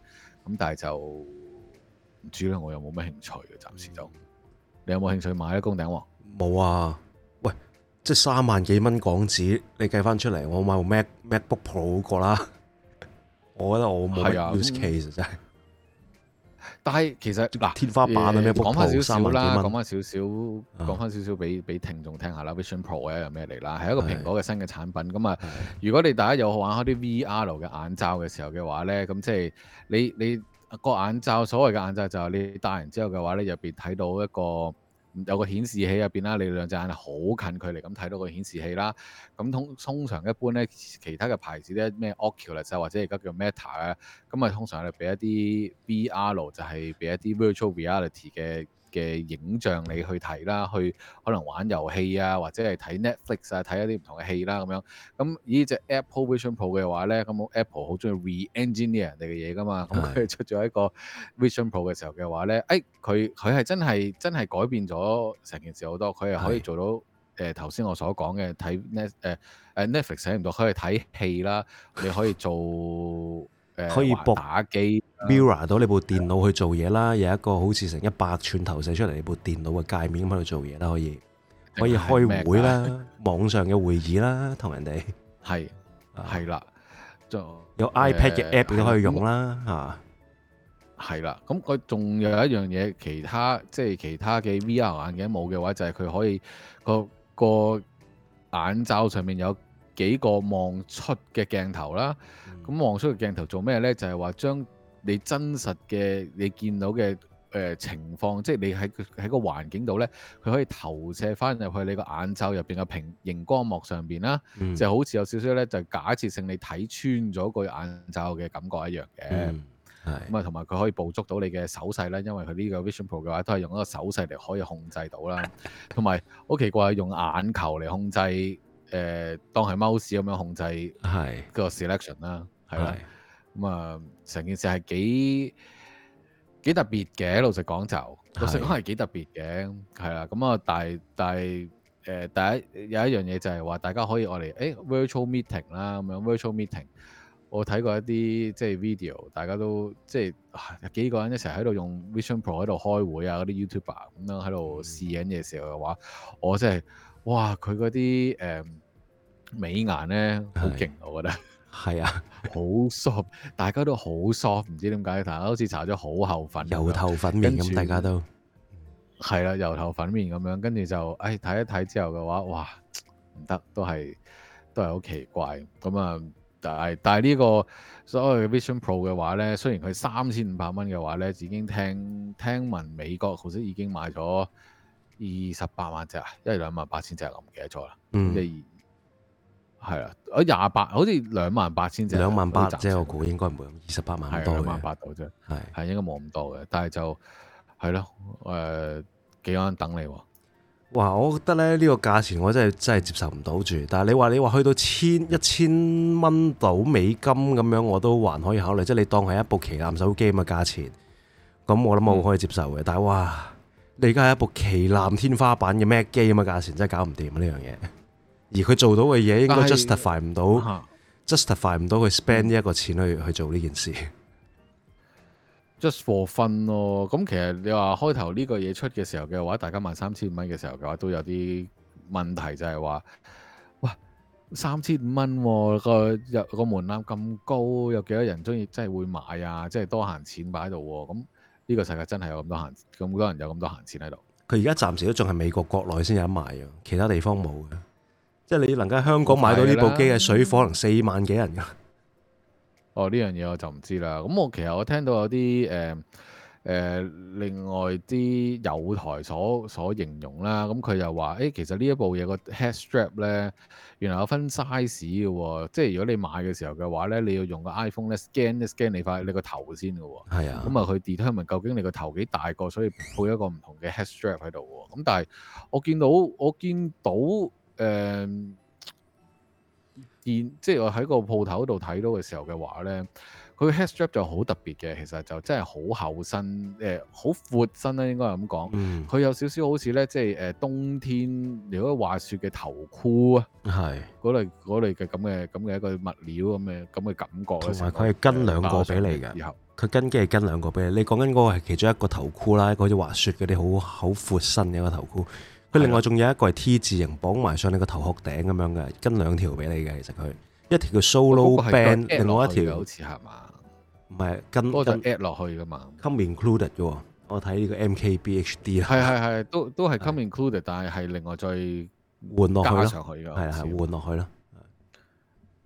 咁但係就唔知咧，我又冇咩興趣嘅，暫時就。 你有冇興趣買咧？工頂黃冇啊！喂，即係三萬幾蚊港紙，你計翻出嚟，我買部 Mac Macbook Pro 過、那、啦、個。 我覺得我冇 use case、嗯、真係的。但係其實嗱，呃、天花板嘅咩？講翻少少啦。Macbook Pro 三萬幾蚊講翻少少，講翻少少俾俾聽眾聽，聽下啦。Vision Pro 咧又咩嚟啦？係、啊、一個蘋果嘅新嘅產品。咁啊，如果你大家有玩開啲 VR 嘅眼罩嘅時候嘅話咧，咁即係你你。你你你你你你你你個眼罩，所謂嘅眼罩就係你戴完之後嘅話咧，入邊睇到一個有個顯示器入邊啦，你兩隻眼好近距離咁睇到個顯示器啦。咁通通常一般咧，其他嘅牌子咧咩 Oculus 或者而家叫 Meta 啊，咁啊通常係俾一啲 BR 就係俾一啲 Virtual Reality 嘅。嘅影像你去睇啦，去可能玩遊戲啊，或者係睇 Netflix 啊，睇一啲唔同嘅戲啦咁樣。咁依、嗯、隻 Apple Vision Pro 嘅話咧，咁、嗯、Apple 好中意 re-engineer 人哋嘅嘢㗎嘛。咁、嗯、佢是出咗一個 Vision Pro 嘅時候嘅話咧，誒、哎，佢佢係真係真係改變咗成件事好多。佢係可以做到誒頭先我所講嘅睇 Net Netflix、呃、Net 睇唔到，可以睇戲啦， 你可以做。可以博打機 mirror 到你部電腦去做嘢啦，嗯、有一個好似成一百吋投射出嚟你部電腦嘅界面咁喺度做嘢啦，可以正是 可以開會啦，網上嘅會議啦，同 人哋係係啦，就有 iPad 嘅 app 都、呃、可以用啦嚇，係啦的，咁佢仲有一樣嘢，其他即係、就是、其他嘅 VR 眼鏡冇嘅話，就係、是、佢可以個個眼罩上面有幾個望出嘅鏡頭啦。咁望出個鏡頭做咩呢？就係、是、話將你真實嘅你見到嘅誒、呃、情況，即係你喺個喺個環境度呢，佢可以投射翻入去你個眼罩入邊嘅屏熒光幕上邊啦、嗯，就好似有少少呢，就假設性你睇穿咗個眼罩嘅感覺一樣嘅。咁啊、嗯，同埋佢可以捕捉到你嘅手勢啦，因為佢呢個 Vision Pro 嘅話都係用一個手勢嚟可以控制到啦。同埋好奇怪用眼球嚟控制誒、呃，當係 mouse 咁樣控制個 selection 啦的。係啦，咁啊 Okay.、嗯，成件事係幾幾特別嘅。老實講就，的老實講係幾特別嘅，係啦。咁、嗯、啊，但係但係誒，第、呃、一有一樣嘢就係話，大家可以我嚟誒 virtual meeting 啦，咁樣 virtual meeting。我睇過一啲即係 video，大家都即係幾個人一齊喺度用 Vision Pro 喺度開會啊，嗰啲 YouTuber 咁樣喺度試影嘅時候嘅話，嗯、我真係哇，佢嗰啲誒美顏咧好勁，我覺得。係是啊，好 soft，大家都好 soft，唔知點解，大家都好似搽咗好厚粉，油頭粉面咁，大家都係啦，油頭粉面咁樣，跟住就，誒、哎、睇一睇之後嘅話，哇，唔得，都係都係好奇怪，咁啊，但係但係呢個所謂 Vision Pro 嘅話呢，雖然佢三千五百蚊嘅話呢，已經聽聽聞美國好似已經買咗二十八萬隻，一係兩萬八千隻，我唔記得咗啦，嗯係啊，廿八，好似兩萬八千啫，兩萬八啫，我估應該唔會，二十八萬多，兩萬八到啫，係係、啊啊、應該望唔到嘅，但係就係咯，誒、啊呃、幾個人等你喎、啊？哇，我覺得咧呢、呢個價錢我真係真係接受唔到住，但係你話你話去到千一千蚊到美金咁樣我都還可以考慮，即係你當係一部旗艦手機咁嘅價錢，咁我諗我可以接受嘅，嗯、但係哇，你而家係一部旗艦天花板嘅 Mac 機咁嘅價錢，真係搞唔掂啊呢樣嘢。 而佢做到嘅嘢應該 justify 唔到 ，justify 唔到佢 spend 呢一個錢去去做呢件事 ，just for fun 咯、哦。咁其實你話開頭呢個嘢出嘅時候嘅話，大家賣三千五蚊嘅時候嘅話都有啲問題就，就係話：，嘩、哦，三千五蚊個喎，個門檻咁高，有幾多人鍾意真係會買啊？即係多閒錢擺喺度喎。咁呢個世界真係有咁多閒，咁多人有咁多閒錢喺度。佢而家暫時都仲係美國國內先有得賣，其他地方冇嘅。即係你能夠香港買到呢部機嘅水貨，可能四萬幾人㗎。哦，呢樣嘢我就唔知啦。咁我其實我聽到有啲誒誒，另外啲友台所所形容啦。咁佢又話，誒，其實呢一部嘢個 head strap 咧，原來有分 size 嘅、哦。即係如果你買嘅時候嘅話咧，你要用個 iPhone 咧 scan 咧 scan 你塊你個頭先嘅、哦。係啊的。咁啊，佢 determine 究竟你個頭幾大個，所以配一個唔同嘅 head strap 喺度。咁但係我見到我見到。誒，見即係我喺個鋪頭度睇到嘅時候嘅話咧，佢 head strap 就好特別嘅，其實就真係好厚身，誒，好闊身啦，應該係咁講。佢有少少好似咧，即係誒冬天如果滑雪嘅頭箍啊，係嗰類嗰類嘅咁嘅咁嘅一個物料咁嘅咁嘅感覺。同埋佢係跟兩個俾你嘅，佢跟機係跟兩個俾你。你講緊嗰個係其中一個頭箍啦，一個好似滑雪嗰啲好好闊身嘅一個頭箍。佢另外仲有一個係 T 字型綁埋上你個頭殼頂咁樣嘅，跟兩條俾你嘅。其實佢一條叫 Solo Band，另外一條好似係嘛？唔係跟跟 add 落去嘅嘛？Come included 啫喎！我睇呢個 MKBHD 啊，係係係，都都係 come included，但係係另外再換落去咯，加落上去嘅，係啊，係換落去咯。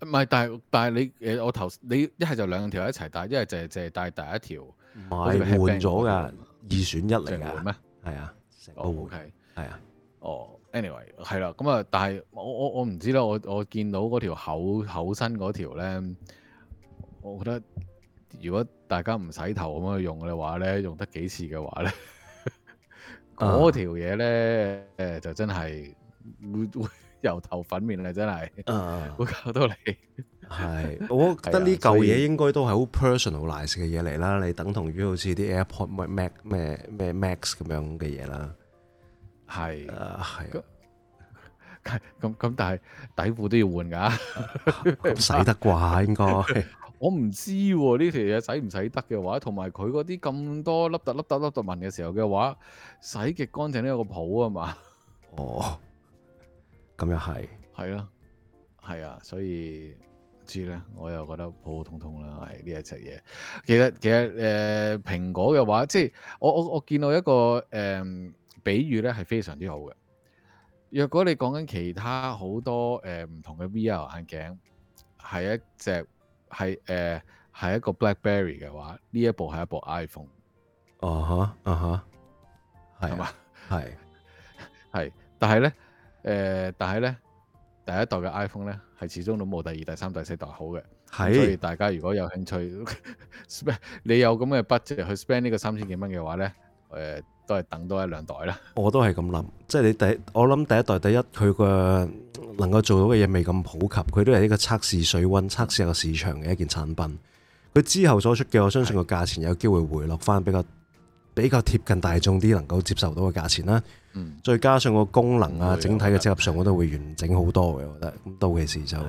唔係，但係但係你誒，我頭你一係就兩條一齊帶，一係就係就係帶第一條。唔係換咗嘅，二選一嚟嘅咩？係啊。OK，係啊。哦、oh,，anyway，係啦，咁啊，但係我我我唔知啦，我我，我，我見到嗰條厚厚身嗰條咧，我覺得如果大家唔洗頭咁去用嘅話咧，用得幾次嘅話咧，嗰 條嘢咧、uh, 就真係會會油頭粉面啦，真係，嗯會搞到你。係，我覺得呢嚿嘢應該都係好 personalised 嘅嘢嚟啦，你等同於好似啲 AirPod、Mac 咩咩 Max 咁樣嘅嘢啦。係，係，係，咁咁，但係底褲都要換噶、啊，咁 洗得啩？應該 我唔知喎、啊，呢條嘢使唔使得嘅話，同埋佢嗰啲咁多粒突粒突粒突紋嘅時候嘅話，洗極乾淨都有個泡啊嘛。哦、oh,，咁又係，係咯、啊，係啊，所以唔知咧，我又覺得普普通通啦，係呢一隻嘢。其實其實誒，蘋、呃、果嘅話，即係我我我見到一個誒。呃比喻咧係非常之好嘅。若果你講緊其他好多誒唔、呃、同嘅 VR 眼鏡，係一隻係誒係一個 BlackBerry 嘅話，呢一部係一部 iPhone。哦吓？啊哈，係嘛？係係， 但係咧誒，但係咧第一代嘅 iPhone 咧係始終都冇第二、第三、第四代好嘅。係是，所以大家如果有興趣， 你有咁嘅 budget 去 spend 呢個三千幾蚊嘅話咧，誒、呃。都係等多一兩代啦。我都係咁諗，即係你第我諗第一代第一佢個能夠做到嘅嘢未咁普及，佢都係一個測試水溫、測試個市場嘅一件產品。佢之後所出嘅，我相信個價錢有機會回落返比較比較貼近大眾啲，能夠接受到嘅價錢啦。嗯、再加上個功能啊，嗯、整體嘅質合上，我都會完整好多嘅。我覺得到其時就是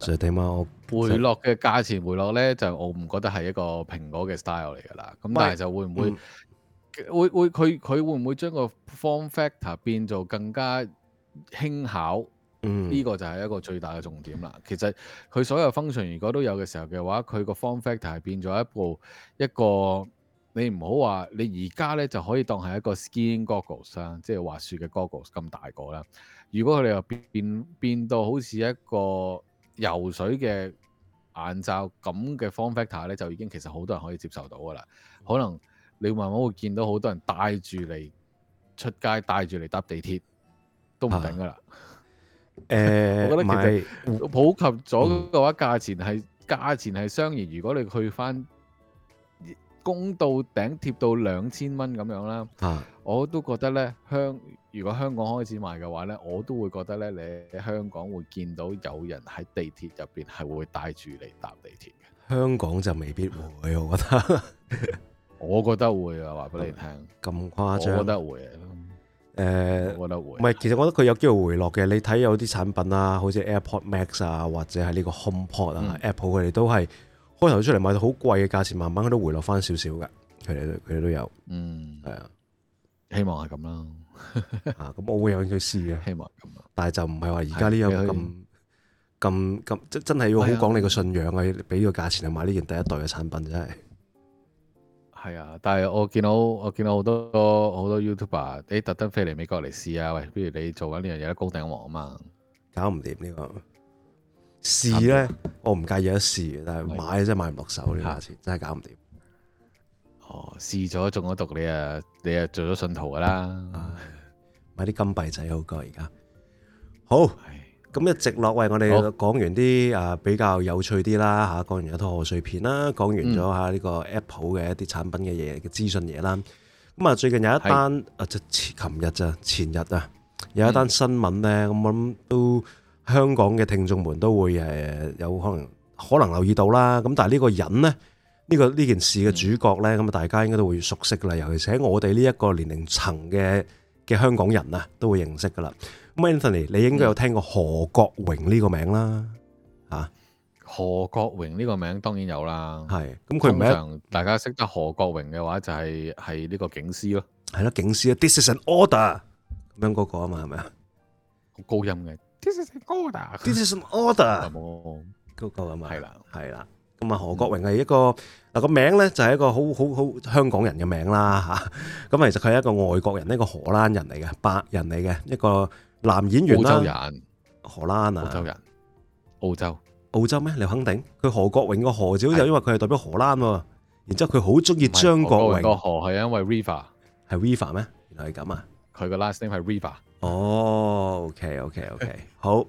就點啊？回落嘅價錢回落呢，就我唔覺得係一個蘋果嘅 style 嚟㗎啦。咁但係就會唔會？嗯會會佢佢會唔會將個 form factor 變做更加輕巧？呢、嗯、個就係一個最大嘅重點啦。其實佢所有 function 如果都有嘅時候嘅話，佢個 form factor 係變咗一部一個，一個你唔好話你而家呢，就可以當係一個 skiing goggles 啦、啊，即係滑雪嘅 goggles 咁大個啦。如果佢哋又變變到好似一個游水嘅眼罩咁嘅 form factor 咧，就已經其實好多人可以接受到噶啦，可能。你慢慢會見到好多人帶住嚟出街帶，帶住嚟搭地鐵都唔定㗎喇。誒、啊，呃、 我覺得其實普及咗嘅話價，價錢係價錢係相宜。如果你去翻公道頂貼到頂貼到兩千蚊咁樣啦，啊、我都覺得呢。香。如果香港開始賣嘅話呢，我都會覺得呢。你喺香港會見到有人喺地鐵入邊係會帶住嚟搭地鐵嘅。香港就未必會，我覺得。 我覺得會啊，話俾你聽，咁誇張。我覺得會，誒，我覺得會。唔係，其實我覺得佢有機會回落嘅。你睇有啲產品啊，好似 AirPods Max 啊，或者係呢個 HomePod 啊，Apple 佢哋都係開頭出嚟賣到好貴嘅價錢，慢慢都回落翻少少嘅。佢哋都佢哋都有，嗯，係啊，希望係咁咯。咁我會有興趣試嘅，希望咁。但係就唔係話而家呢樣咁咁咁，即真係要好講你個信仰啊，俾個價錢嚟買呢件第一代嘅產品真係。係啊，但係我見到我見到好多好多 YouTuber 你、欸、特登飛嚟美國嚟試啊？喂，不如你做緊呢樣嘢高頂王啊嘛，搞唔掂呢個？試咧，我唔介意有得試，但係買的真係買唔落手呢下的次真係搞唔掂。哦，試咗中咗毒，你啊，你啊做咗信徒噶啦， 買啲金幣仔好過而家。好。咁一直落喂，我哋講完啲啊比較有趣啲啦嚇，講好完一套賀歲片啦，講、嗯、完咗嚇呢個 Apple 嘅一啲產品嘅嘢嘅資訊嘢啦。咁啊、嗯、最近有一單是啊，就琴日就前日啊，有一單新聞咧，咁、嗯、我諗都香港嘅聽眾們都會誒有可能可能留意到啦。咁但係呢個人咧，呢、這個呢件、這個這個、事嘅主角咧，咁啊大家應該都會熟悉㗎啦，尤其是喺我哋呢一個年齡層嘅嘅香港人啊，都會認識㗎啦。咁 Anthony，你應該有聽過河國榮呢個名啦，吓、啊、河國榮呢個名當然有啦，係咁佢唔大家識得河國榮嘅話就係係呢個警司咯，係咯警司啊，This is an order 咁樣嗰個啊嘛係咪啊？好高音嘅，This is an order，This is an order，嗰個啊 嘛，係啦係啦，咁啊的的河國榮係一個嗱、嗯、個名咧就係一個好好好香港人嘅名啦吓，咁、啊、其實佢係一個外國人，一個荷蘭人嚟嘅白人嚟嘅一個。男演員啦，澳洲人，荷蘭啊，澳洲人，澳洲，澳洲咩？你肯定佢河國榮個河字就因為佢係代表荷蘭喎，然之後佢好中意張國榮個河，係因為 Riva，係 Riva 咩？原來係咁啊，佢個 last name 係 Riva。哦，OK OK OK，好。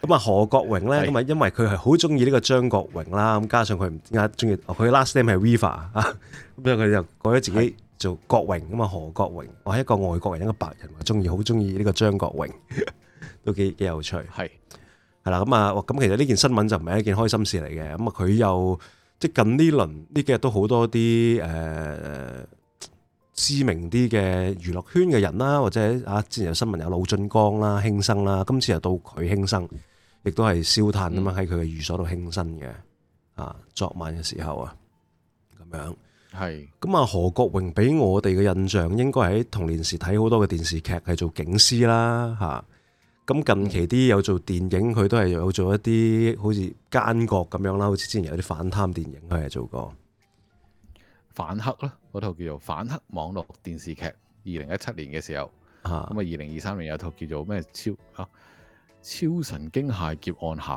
咁啊河國榮咧，咁啊因為佢係好中意呢個張國榮啦，咁加上佢唔啱中意，佢 last name 係 Riva 啊，咁啊佢就改咗自己。做國榮咁啊，河國榮，我係一個外國人，一個白人，我中意好中意呢個張國榮，都幾幾有趣。係係啦，咁啊，咁其實呢件新聞就唔係一件開心事嚟嘅。咁啊，佢又即係近呢輪呢幾日都好多啲誒知名啲嘅娛樂圈嘅人啦，或者啊之前有新聞有魯俊江啦、輕生啦，今次又到佢輕生，亦都係燒炭啊嘛，喺佢嘅寓所度輕生嘅啊，昨晚嘅時候啊，咁樣。係咁啊！是河國榮俾我哋嘅印象，應該喺童年時睇好多嘅電視劇，係做警司啦吓。咁近期啲有做電影，佢都係有做一啲好似奸角咁樣啦。好似之前有啲反貪電影，佢係做過反黑咯。嗰套叫做《反黑網絡》電視劇，二零一七年嘅時候啊。咁啊是，二零二三年有套叫做咩超啊？超神經械劫案下，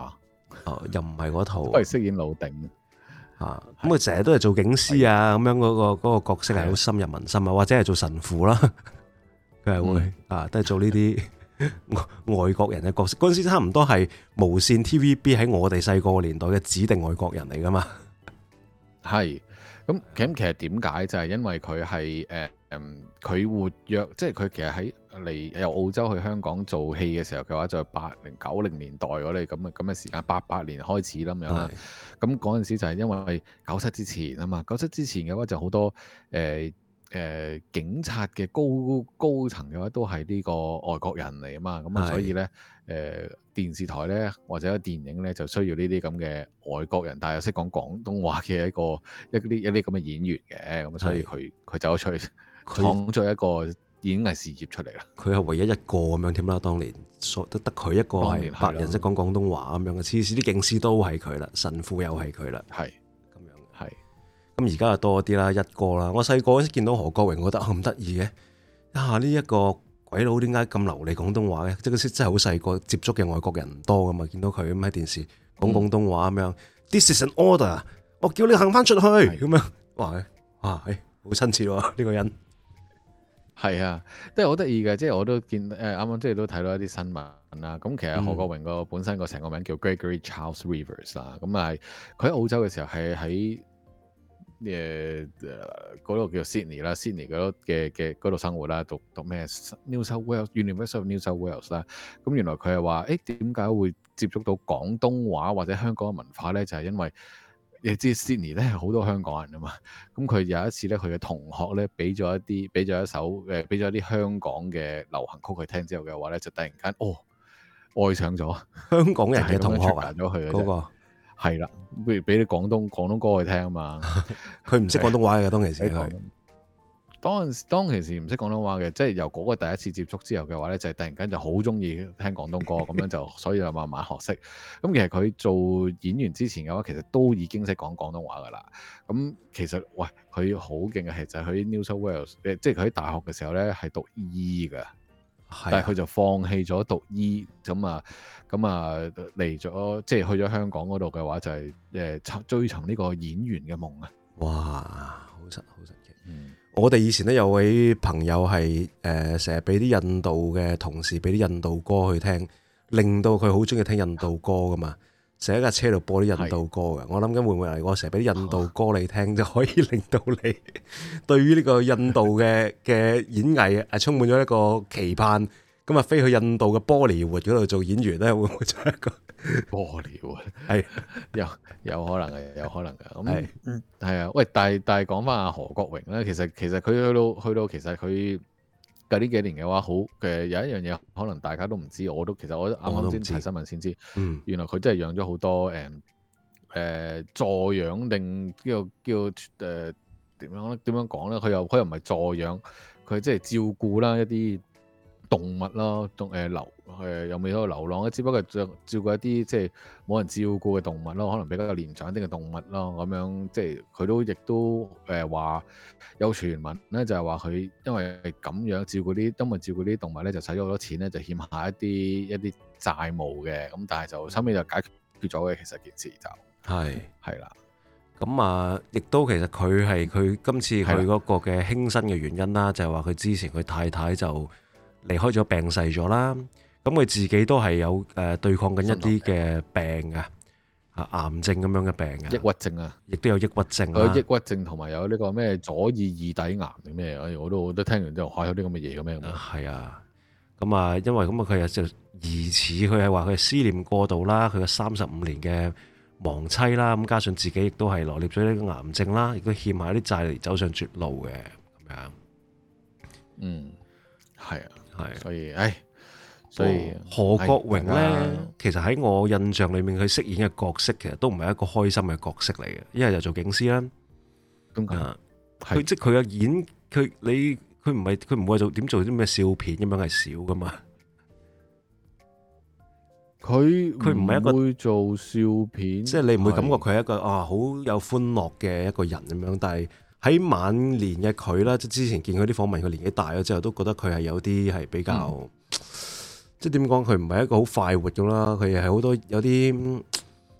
啊、又唔係嗰套，都係飾演老頂。啊！咁佢成日都係做警司啊，咁的樣，嗰個嗰個角色係好深入民心啊，的或者係做神父啦、啊，佢 係會的啊，都係做呢啲 外國人嘅角色。嗰陣的 時差唔多係無綫 TVB 喺我哋細個年代嘅指定外國人嚟噶嘛，係。咁其實點解就係、是、因為佢係誒誒，佢、呃、活躍，即係佢其實喺嚟由澳洲去香港做戲嘅時候嘅話，就八零九零年代嗰啲咁嘅咁嘅時間，八八年開始啦咁樣啦。咁嗰陣時就係因為九七之前啊嘛，九七之前嘅話就好多誒。呃誒警察嘅高高層嘅話都係呢個外國人嚟啊嘛，咁啊的所以咧誒、呃、電視台咧或者電影咧就需要呢啲咁嘅外國人，但係又識講廣東話嘅一個一啲一啲咁嘅演員嘅，咁的所以佢佢走咗出去，創作一個演藝事業出嚟啦。佢係唯一一個咁樣添啦，當年所得得佢一個係白人識的講廣東話咁樣嘅，黐線啲警司都係佢啦，神父又係佢啦，係。咁而家就多啲啦，一哥啦。我細個見到河國榮，覺得啊唔得意嘅，吓呢一個鬼佬點解咁流利廣東話嘅？即係真真係好細個接觸嘅外國人唔多噶嘛，見到佢咁喺電視講廣東話咁、嗯、樣。This is an order，我叫你行翻出去咁是的 樣，哇，哇，好、哎、親切喎、啊、呢、這個人。係啊，都係好得意嘅。即、就、係、是、我都見誒，啱啱即係都睇到一啲新聞啦。咁其實河國榮個本身個成個名叫 Gregory Charles Rivers 啦。咁啊，佢喺澳洲嘅時候係喺。誒嗰度叫 Sydney 啦，Sydney 嗰度嘅嘅嗰度生活啦，讀讀咩 New South Wales、University of New South Wales 啦，咁原來佢係話，誒點解會接觸到廣東話或者香港嘅文化咧？就係、是、因為你知 Sydney 咧好多香港人啊嘛，咁佢有一次咧，佢嘅同學咧俾咗一啲，俾咗一首誒，俾咗啲香港嘅流行曲佢聽之後嘅話咧，就突然間哦愛上咗香港人嘅同學啊，嗰、那個。係啦，不如俾啲廣東廣東歌去聽啊嘛，佢唔識廣東話嘅的當其時，佢當陣時當其時唔識廣東話嘅，即係由嗰個第一次接觸之後嘅話咧，就係、是、突然間就好中意聽廣東歌咁樣就， 所以就慢慢學識。咁、嗯、其實佢做演員之前嘅話，其實都已經識講廣東話噶啦。咁、嗯、其實喂，佢好勁嘅其實就係、是、佢 New South Wales 誒，即係佢喺大學嘅時候咧係讀醫、e、噶。啊、但係佢就放棄咗讀醫咁啊，咁啊嚟咗即係去咗香港嗰度嘅話就係、係、誒追尋呢個演員嘅夢啊！哇，好神好神奇！神奇，嗯、我哋以前咧有位朋友係誒成日俾啲印度嘅同事俾啲印度歌去聽，令到佢好中意聽印度歌噶嘛。成一架車度播啲印度歌嘅，的我諗緊會唔會係我成日俾啲印度歌你聽、啊、就可以令到你對於呢個印度嘅嘅 演藝啊充滿咗一個期盼，咁啊飛去印度嘅玻利活嗰度做演員咧，會唔會出一個玻利活？係的有有可能嘅，有可能嘅。咁嗯係啊，喂，但係但係講翻阿河國榮咧，其實其實佢去到去到其實佢。近呢幾年嘅話，好嘅有一樣嘢，可能大家都唔知，我都其實我啱啱先睇新聞先知，嗯、原來佢真係養咗好多誒誒、呃、助養，定、呃、呢叫誒點樣咧？點樣講咧？佢又佢又唔係助養，佢即係照顧啦一啲動物啦，仲、呃、誒流。誒又未喺度流浪，只不過照照顧一啲即係冇人照顧嘅動物咯，可能比較有年長啲嘅動物咯，咁樣即係佢都亦都誒話、呃、有傳聞咧，就係話佢因為咁樣照顧啲，因為照顧啲動物咧就使咗好多錢咧，就欠下一啲一啲債務嘅，咁但係就收尾就解決咗嘅，其實件事就係係啦，咁啊，亦都其實佢係佢今次佢嗰個嘅輕生嘅原因啦，的就係話佢之前佢太，太太就離開咗病逝咗啦。咁佢自己都係有誒對抗緊一啲嘅病啊，啊癌症咁樣嘅病啊，抑鬱症啊，亦都有抑鬱症啦、啊，有抑鬱症同埋有呢個咩左耳耳底癌定咩？哎，我都我都聽完之後，吓有啲咁嘅嘢嘅咩？係啊，咁啊，因為咁啊，佢有就疑似佢係話佢思念過度啦，佢嘅三十五年嘅亡妻啦，咁加上自己亦都係羅列咗呢個癌症啦，亦都欠下啲債嚟走上絕路嘅咁樣。是是嗯，係啊，係、啊，所以，是哎。所以河國榮咧，的其實喺我印象裏面佢飾演嘅角色，其實都唔係一個開心嘅角色嚟嘅。因為就做警司啦，咁佢即係佢嘅演佢你佢唔係佢唔會做點做啲咩笑片咁樣，係少噶嘛？佢佢唔係一個會做笑片，即係的你唔會感覺佢係一個啊好有歡樂嘅一個人咁樣。但係喺晚年嘅佢啦，即之前見佢啲訪問，佢年紀大咗之後，都覺得佢係有啲係比較。嗯即係點講？佢唔係一個好快活嘅啦，佢又係好多有啲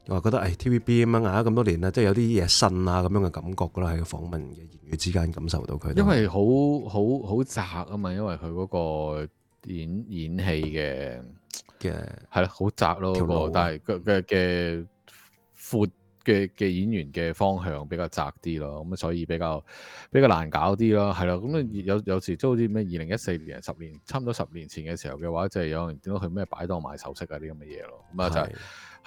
話覺得誒 TVB 咁樣挨咁多年啦，即係有啲嘢呻啊咁樣嘅感覺噶啦，喺個訪問嘅言語之間感受到佢、啊。因為好好好窄啊嘛，因為佢嗰個演演戲嘅嘅係啦，好窄咯，但係嘅嘅嘅闊。嘅嘅演員嘅方向比較窄啲咯，咁所以比較比較難搞啲咯，係啦，咁啊有有時都好似咩二零一四年啊，十年差唔多十年前嘅時候嘅話，就係、是、有人點解去咩擺檔買首飾啊啲咁嘅嘢咯，咁啊的、嗯、就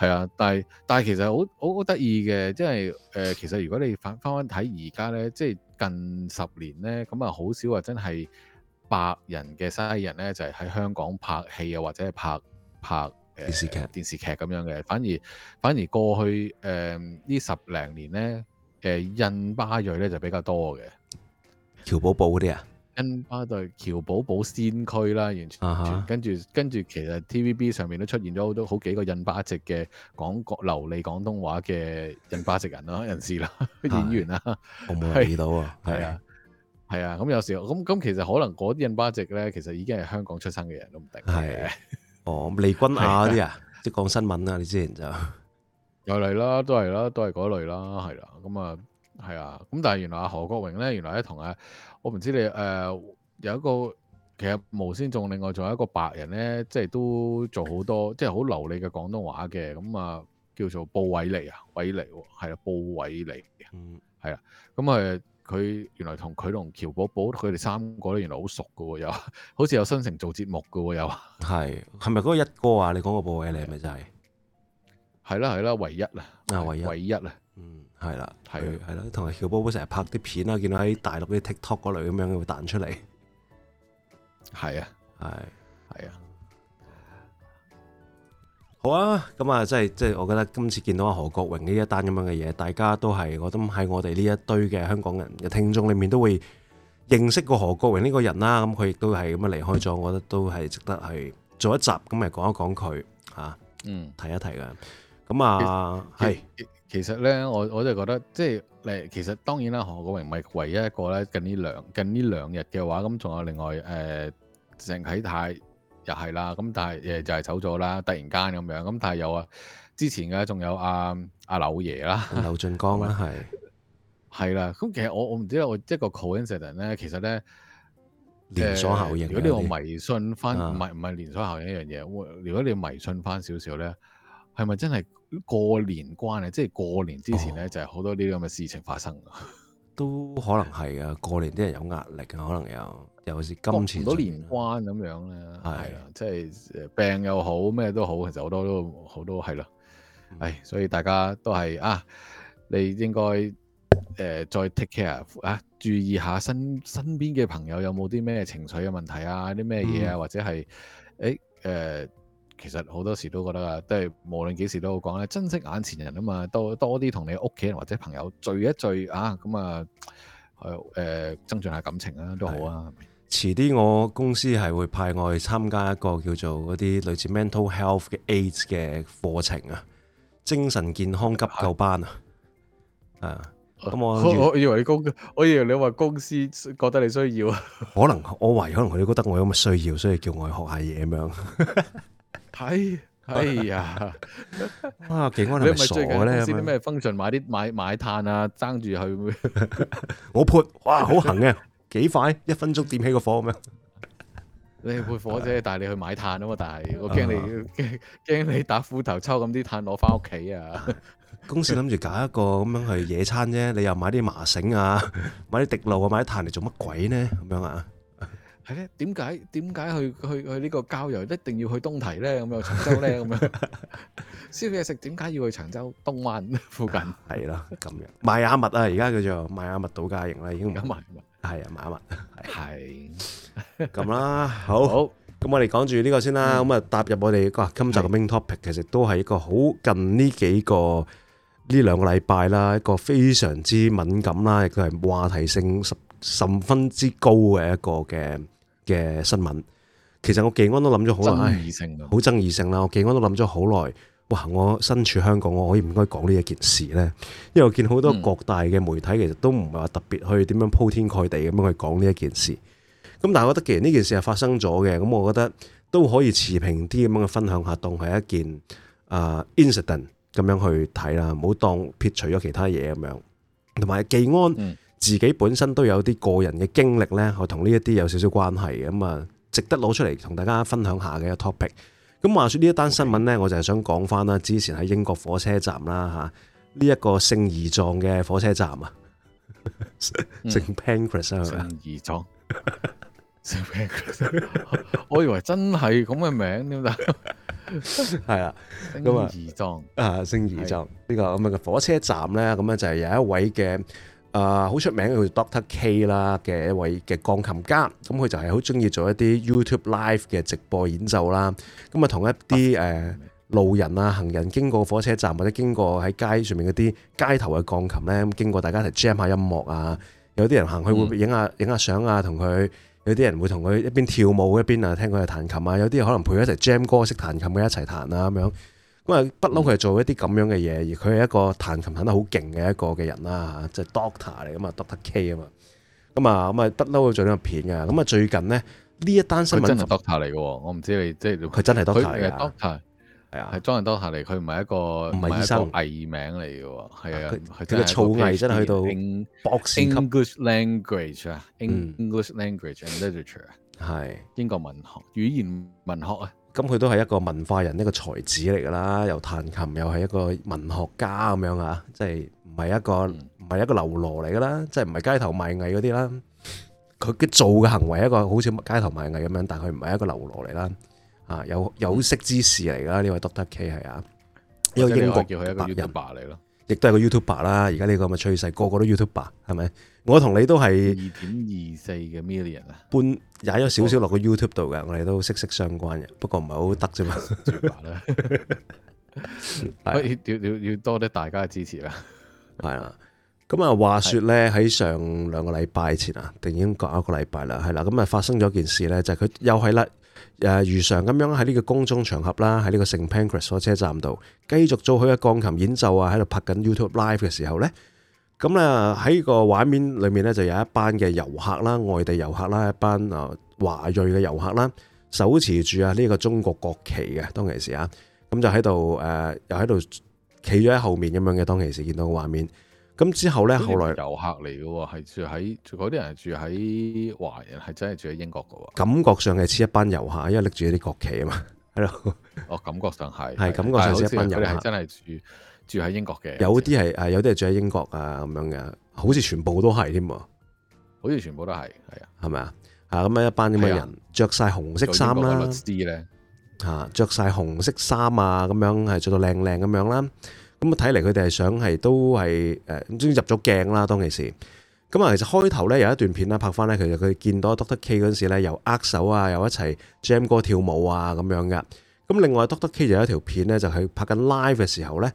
係係啊，但係但係其實好好好得意嘅，即係誒，其實如果你翻翻翻睇而家咧，即係近十年咧，咁啊好少話真係白人嘅生西人咧，就係、是、喺香港拍戲啊，或者係拍拍。拍電視劇電視劇咁樣嘅，反而反而過去誒呢、呃、十零年呢，誒、呃、印巴裔呢就比較多嘅，喬寶寶嗰啲啊，印巴裔喬寶寶先驅啦，完全，完全跟住、啊、哈跟住，跟住其實 TVB 上面都出現咗好多好幾個印巴籍嘅講國流利廣東話嘅印巴籍人咯、啊，人士啦、啊， 演員啊，我冇睇到啊，係啊係啊，咁有時咁咁， 其實可能嗰啲印巴籍呢，其實已經係香港出生嘅人都唔定，係 哦，利君啊啲啊，即係講新聞啊，你之前就、啊、又嚟啦，都係啦，都係嗰類啦，係啦，咁、嗯、啊，係啊，咁但係原來阿何國榮咧，原來咧同啊，我唔知你誒、呃，有一個其實無先，仲另外仲有一個白人咧，即、就、係、是、都做好多，即係好流利嘅廣東話嘅，咁、嗯、啊，叫做布偉尼啊，偉尼係啦，布偉尼，嗯，係啦，咁、嗯、啊。佢原來同佢同喬寶寶佢哋三個咧，原來好熟嘅喎，又好似有新城做節目嘅喎，又係係咪嗰個一哥啊？你講個部位你係咪就係係啦，係啦，唯一啊，唯一唯一啊，嗯，係啦，係係啦，同埋的喬寶寶成日拍啲片啦，見到喺大陸啲 TikTok 嗰類咁樣會彈出嚟，係啊係係啊。的的好啊，咁啊，即係即係，我覺得今次見到阿何國榮呢一單咁樣嘅嘢，大家都係，我都喺我哋呢一堆嘅香港人嘅聽眾裏面都會認識過何國榮呢個人啦。咁佢亦都係咁樣離開咗，我覺得都係值得去做一集咁，咪講一講佢吓，嗯，提一提嘅。咁啊，係其實咧是，我我真係覺得即係誒，其實當然啦，何國榮唔係唯一一個咧。近呢兩近呢兩日嘅話，咁仲有另外誒，鄭、呃、啟泰。又係啦，咁但係誒就係走咗啦，突然間咁樣咁，但係有，有啊之前嘅仲有阿阿柳爺啦，柳俊江啦，係係啦。咁其實我我唔知咧，我一個 coincidence 咧，其實咧連鎖效應。如果你迷信翻，唔係唔係連鎖效應一樣嘢。如果你迷信翻少少咧，係咪真係過年關啊？即係過年之前咧，哦、就係好多呢啲咁嘅事情發生。都可能係啊，過年啲人有壓力啊，可能有，尤其是金錢過唔到年關咁樣咧，係啊的，即係病又好，咩都好，其實好多都好多係咯，唉，所以大家都係啊，你應該誒、呃、再 take care 啊，注意下身身邊嘅朋友有冇啲咩情緒嘅問題啊，啲咩嘢啊，嗯、或者係誒誒。其實好多時都覺得啊，即係無論幾時都好講咧，珍惜眼前人啊嘛，多多啲同你屋企人或者朋友聚一聚啊，咁啊，誒、呃，增進下感情啊都好啊。遲啲我公司係會派我去參加一個叫做嗰啲類似 mental health 嘅 AIDS 嘅課程啊，精神健康急救班啊。啊，咁我以為你公，我以為你話公司覺得你需要啊。可能 我懷疑，可能佢哋覺得我有咁嘅需要，所以叫我去學下嘢咁樣。睇、哎，哎呀，啊景安你唔係傻嘅咧？公司啲咩封存買啲買買炭啊，爭住去。我潑，哇，好行嘅，幾 快一分鐘點起個火咁樣 你火。你潑火啫，但係你去買炭啊嘛。但係我驚你驚 你打斧頭抽咁啲炭攞翻屋企啊 。公司諗住搞一個咁樣去野餐啫，你又買啲麻繩啊，買啲滴露啊，買啲炭嚟做乜鬼呢？咁樣啊？係咧，點解點解去去去呢個郊遊一定要去東堤咧？咁樣長洲咧，咁樣燒嘢食點解要去長洲東灣附近？係啦，咁樣賣阿密啊！而家叫做賣阿密度假營啦，已經唔敢賣阿密。係啊，賣阿密係咁啦。好好咁，我哋講住呢個先啦。咁啊，踏入我哋個今集嘅 main topic，其實都係一個好近呢幾個呢兩個禮拜啦，一個非常之敏感啦，亦都係話題性十十分之高嘅一個嘅。嘅新聞，其實我技安都諗咗好耐，好爭議性啦。我技安都諗咗好耐，哇！我身處香港，我可以唔應該講呢一件事呢？因為我見好多各大嘅媒體其實都唔係話特別去點樣鋪天蓋地咁樣去講呢一件事。咁、嗯、但係我覺得既然呢件事係發生咗嘅，咁我覺得都可以持平啲咁樣去分享下，當係一件啊、呃、incident 咁樣去睇啦，唔好當撇除咗其他嘢咁樣。同埋技安、嗯。自己本身都有啲個人嘅經歷呢，我同呢一啲有少少關係咁啊值得攞出嚟同大家分享一下嘅 topic。咁話説呢一單新聞呢，好我就係想講翻啦，之前喺英國火車站啦吓，呢一個聖二葬嘅火車站啊，聖 Pancras 聖二葬，聖 Pancras，吧 我以為真係咁嘅名點解？係啊，聖二葬啊，聖二葬呢個咁嘅、嗯那個、火車站呢，咁、嗯、啊就係、是、有一位嘅。誒好出名嘅叫 Doctor K 啦嘅一位嘅鋼琴家，咁、嗯、佢就係好中意做一啲 YouTube live 嘅直播演奏啦。咁啊同一啲誒、呃、路人啊行人經過火車站或者經過喺街上面嗰啲街頭嘅鋼琴呢，咁經過大家一齊 jam 一下音樂啊。有啲人行去會影下影下相啊，同佢有啲人會同佢一邊跳舞一邊啊聽佢彈琴啊。有啲人可能陪佢一齊 jam 歌，識彈琴嘅一齊彈啊咁樣。咁啊，不嬲佢係做一啲咁樣嘅嘢，而佢係一個彈琴彈得好勁嘅一個嘅人啦，即係 Doctor 嚟㗎嘛 Doctor K 啊嘛，咁啊，咁啊，不嬲佢做呢個片嘅，咁啊最近咧呢一單新聞真係 Doctor 嚟嘅，我唔知你即係佢真係 Doctor 係啊，係莊人 Doctor 嚟，佢唔係一個唔係一個藝名嚟嘅，係啊，佢真係造藝，真係去到 English language 啊，English language literature 啊。係英國文學語言文學啊。咁佢都係一個文化人，一個才子嚟噶啦，又彈琴，又係一個文學家咁樣啊，即係唔係一個唔係一個流羅嚟噶啦，即係唔係街頭賣藝嗰啲啦。佢嘅做嘅行為一個好似街頭賣藝咁樣，但係佢唔係一個流羅嚟啦。啊，有有識之士嚟噶啦，呢位 Doctor K 係啊，呢個英國叫佢一個英國人嚟咯。亦都係個 YouTube 爸啦，而家呢個咪趨勢，個個都 YouTube 爸，係咪？我同你都係二點二四嘅 million 啊，半踩咗少少落個 YouTube 度嘅，我哋都息息相關嘅，不過唔係好得啫嘛，最白啦。要多啲大家嘅支持啦，係 啦。咁啊，話説呢，喺上兩個禮拜前啊，定已經過一個禮拜啦，係啦。咁啊，發生咗件事呢，就係佢又係甩。誒如常咁樣喺呢個公眾場合啦，喺呢個聖 Pancras 車站度繼續做佢嘅鋼琴演奏啊，喺度拍緊 YouTube live 嘅時候呢，咁咧喺個畫面裏面呢，就有一班嘅遊客啦，外地遊客啦，一班啊華裔嘅遊客啦，手持住啊呢個中國國旗嘅，當其時啊，咁就喺度誒，又喺度企咗喺後面咁樣嘅，當其時見到個畫面。咁之後咧，後來遊客嚟嘅喎，係住喺嗰啲人係住喺華人，係真係住喺英國嘅喎。感覺上係似一班遊客，因為拎住一啲國旗啊嘛。係咯，哦，感覺上係，係感覺上似一班遊客。真係住住喺英國嘅，有啲係係有啲係住喺英國啊咁樣嘅，好似全部都係添啊，好似全部都係，係啊，係咪啊？啊咁樣一班咁嘅人，著曬紅色衫啦，律師咧，啊著曬紅色衫啊，咁樣係著到靚靚咁樣啦。咁啊，睇嚟佢哋係想係都係誒，終、呃、於入咗鏡啦。當其時，咁啊，其實開頭咧有一段片啦，拍翻咧，其實佢見到 Doctor K 嗰陣時咧，又握手啊，又一齊 jam 歌跳舞啊，咁樣㗎。咁另外 Doctor K 就有一條片咧，就係拍緊 live 嘅時候咧，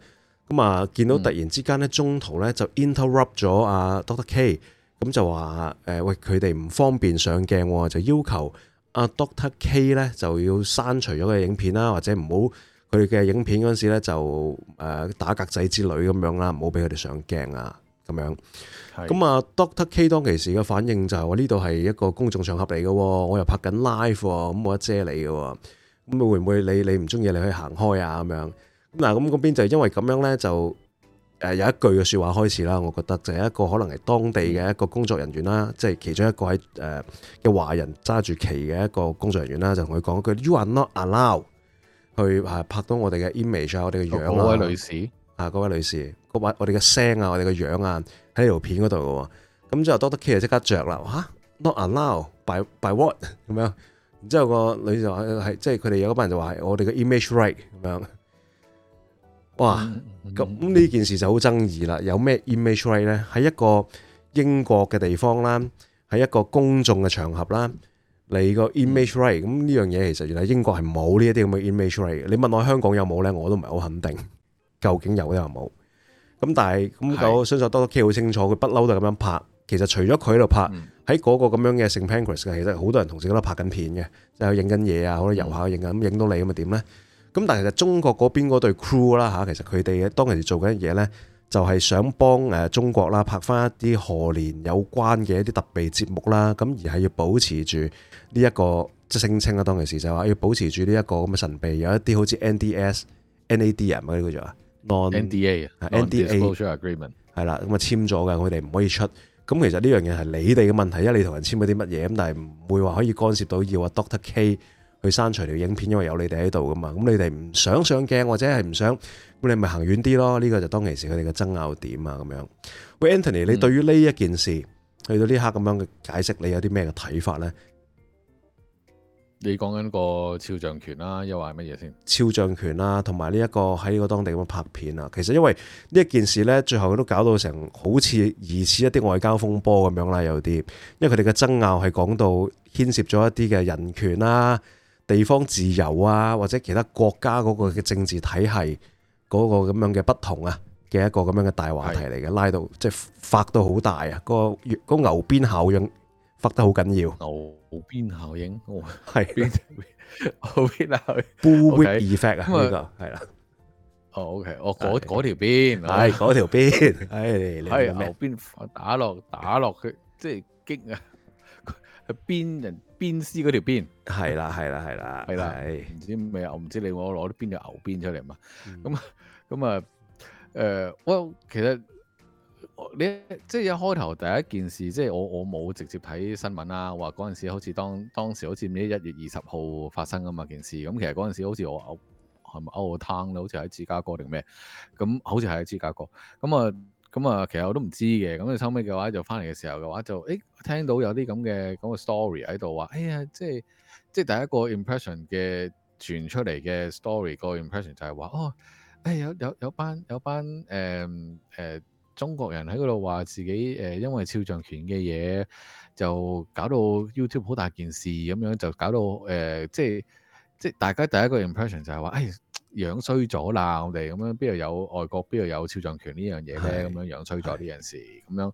咁啊，見到突然之間咧，中途咧就 interrupt 咗阿 Doctor K，咁就話誒，喂、呃，佢哋唔方便上鏡喎，就要求阿 Doctor K 咧就要刪除咗佢嘅影片啦，或者唔好。佢嘅影片嗰陣時咧，就誒打格仔之類咁樣啦，唔好俾佢哋上鏡啊咁樣。咁啊，Doctor K 當其時嘅反應就係話呢度係一個公眾場合嚟嘅，我又拍緊 live，咁冇得遮你嘅。咁會唔會你你唔中意，你可以行開啊咁樣？嗱咁嗰邊就係因為咁樣咧，就誒有一句嘅説話開始啦。我覺得就係一個可能係當地嘅一個工作人員啦，即係其中一個喺誒嘅華人揸住旗嘅一個工作人員啦，就同佢講一句：You are not allowed。去啊拍到我哋嘅 image，我哋嘅樣嗰位女士啊，嗰、啊、位女士，嗰、啊、位我哋嘅聲啊，我哋嘅樣啊，喺呢條片嗰度嘅喎。咁之後多得 Doctor K 就即刻着啦，吓 not allowed by by what 咁樣。然之後個女士話係即係佢哋有一班人就話我哋嘅 image right 咁樣。哇，咁呢件事就好爭議啦。有咩 image right 咧？喺一個英國嘅地方啦，喺一個公眾嘅場合啦。你個 image right 咁呢樣嘢其實原來英國係冇呢一啲咁嘅 image right 嘅。你問我香港有冇咧，我都唔係好肯定，究竟有咧又冇咁。但係咁，是我相信 Doctor K 好清楚，佢不嬲都係咁樣拍。其實除咗佢喺度拍，喺嗰、嗯、個咁樣嘅 St Pancras 其實好多人同時都拍緊片嘅，就影緊嘢啊，好多遊客影啊，咁影到你咁咪點咧？咁、嗯、但係其實中國嗰邊嗰隊 crew 啦嚇，其實佢哋當其時做緊嘢咧。就係想幫誒中國啦拍翻一啲賀年有關嘅一啲特別節目啦，咁而係要保持住呢一個即係聲稱啊，當其時就係話要保持住呢一個咁嘅神秘，有一啲好似 NDS、NAD 啊嘛，呢個就話 NDA、NDA、Non Disclosure Agreement 係啦，咁啊簽咗嘅，佢哋唔可以出。咁其實呢樣嘢係你哋嘅問題，因為你同人簽咗啲乜嘢，咁但係唔會話可以干涉到要啊 Doctor K。去刪除條影片，因為有你哋喺度噶嘛。咁你哋唔想上鏡，或者係唔想，咁你咪行遠啲咯。呢、這個就當其時佢哋嘅爭拗點啊咁樣喂。Anthony，你對於呢一件事去、嗯、到呢刻咁樣嘅解釋，你有啲咩嘅睇法呢？你講緊個肖像權啦，又話乜嘢先？肖像權啦，同埋呢一個喺個當地咁樣拍片啊。其實因為呢一件事呢，最後都搞到成好似疑似一啲外交風波咁樣啦，有啲。因為佢哋嘅爭拗係講到牽涉咗一啲嘅人權啦。地方自由啊，或者其他國家嗰個嘅政治體係嗰個咁樣嘅不同啊，嘅一個咁樣嘅大話題嚟嘅，拉到即係發到好大啊，嗰個牛鞭效應發得好緊要。牛鞭效應，係邊條牛鞭係？bull whip effect 啊，呢個係啦。哦，OK，我嗰條鞭，係嗰條鞭，係牛鞭打落打落去，即係激啊，係鞭人。鞭屍嗰條鞭，係啦係啦係啦係啦，唔知咩，我唔知你我攞啲邊條牛鞭出嚟嘛？咁咁啊誒，我其實你即係一開頭第一件事，即係我我冇直接睇新聞啦。話嗰陣時好似當當時好似呢一月二十號發生噶嘛件事。咁其實嗰陣時好似我嘔係咪嘔個湯咯？呃、是是 town, 好似喺芝加哥定咩？咁好似喺芝加哥。咁啊～咁啊，其實我都唔知嘅。咁你收尾嘅話就翻嚟嘅時候嘅話就，誒、欸、聽到有啲咁嘅咁嘅 story 喺度話，哎呀，就是、即係即係第一個 impression 嘅傳出嚟嘅 story 個 impression 就係話，哦，誒、哎、有有有班有班誒誒、呃呃、中國人喺嗰度話自己誒、呃、因為肖像權嘅嘢就搞到 YouTube 好大件事咁樣，就搞到誒、呃、即係即係大家第一個 impression 就係話，哎。養衰咗啦，我哋咁樣邊度有外國邊度有肖像權呢樣嘢咧？咁樣養衰咗呢樣事，咁樣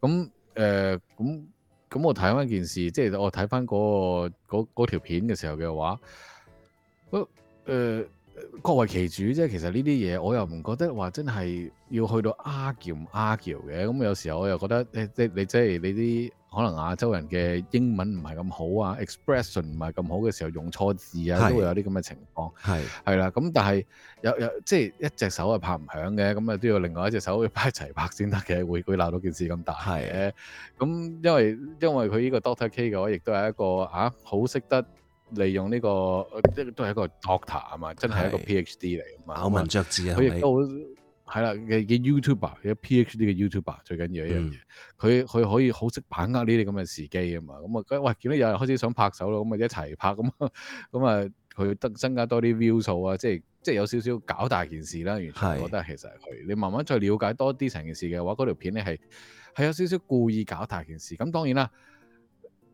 咁誒，咁咁我睇翻件事，即係我睇翻嗰個條片嘅時候嘅話，不、嗯、誒。呃各為其主即係，其實呢啲嘢我又唔覺得話真係要去到 argue 唔 argue 嘅，咁有時候我又覺得誒、欸，你即你即係你啲可能亞洲人嘅英文唔係咁好啊，expression 唔係咁好嘅時候用錯字啊，是都會有啲咁嘅情況。係係啦，咁的但係有有即係一隻手係拍唔響嘅，咁啊都要另外一隻手去拍齊拍先得嘅，會會鬧到件事咁大。係嘅的，咁、欸、因為因為佢呢個 Doctor K 嘅話，亦都係一個嚇好識得。利用呢、這個即都係一個 doctor 啊嘛，真係一個 PhD 嚟啊嘛是，咬文嚼字啊，佢亦都好係啦，佢嘅、嗯、YouTuber，佢 PhD 嘅 YouTuber 最緊要一樣嘢，佢佢、嗯、可以好識把握呢啲咁嘅時機啊嘛，咁啊喂，見、哎、到有人開始想拍手咯，咁啊一齊拍咁咁啊，佢、嗯、得、嗯嗯、增加多啲 view 數啊，即係即係有少少搞大件事啦。完全覺得其實係佢，是你慢慢再了解多啲成件事嘅話，嗰條片咧係係有少少故意搞大件事。咁當然啦。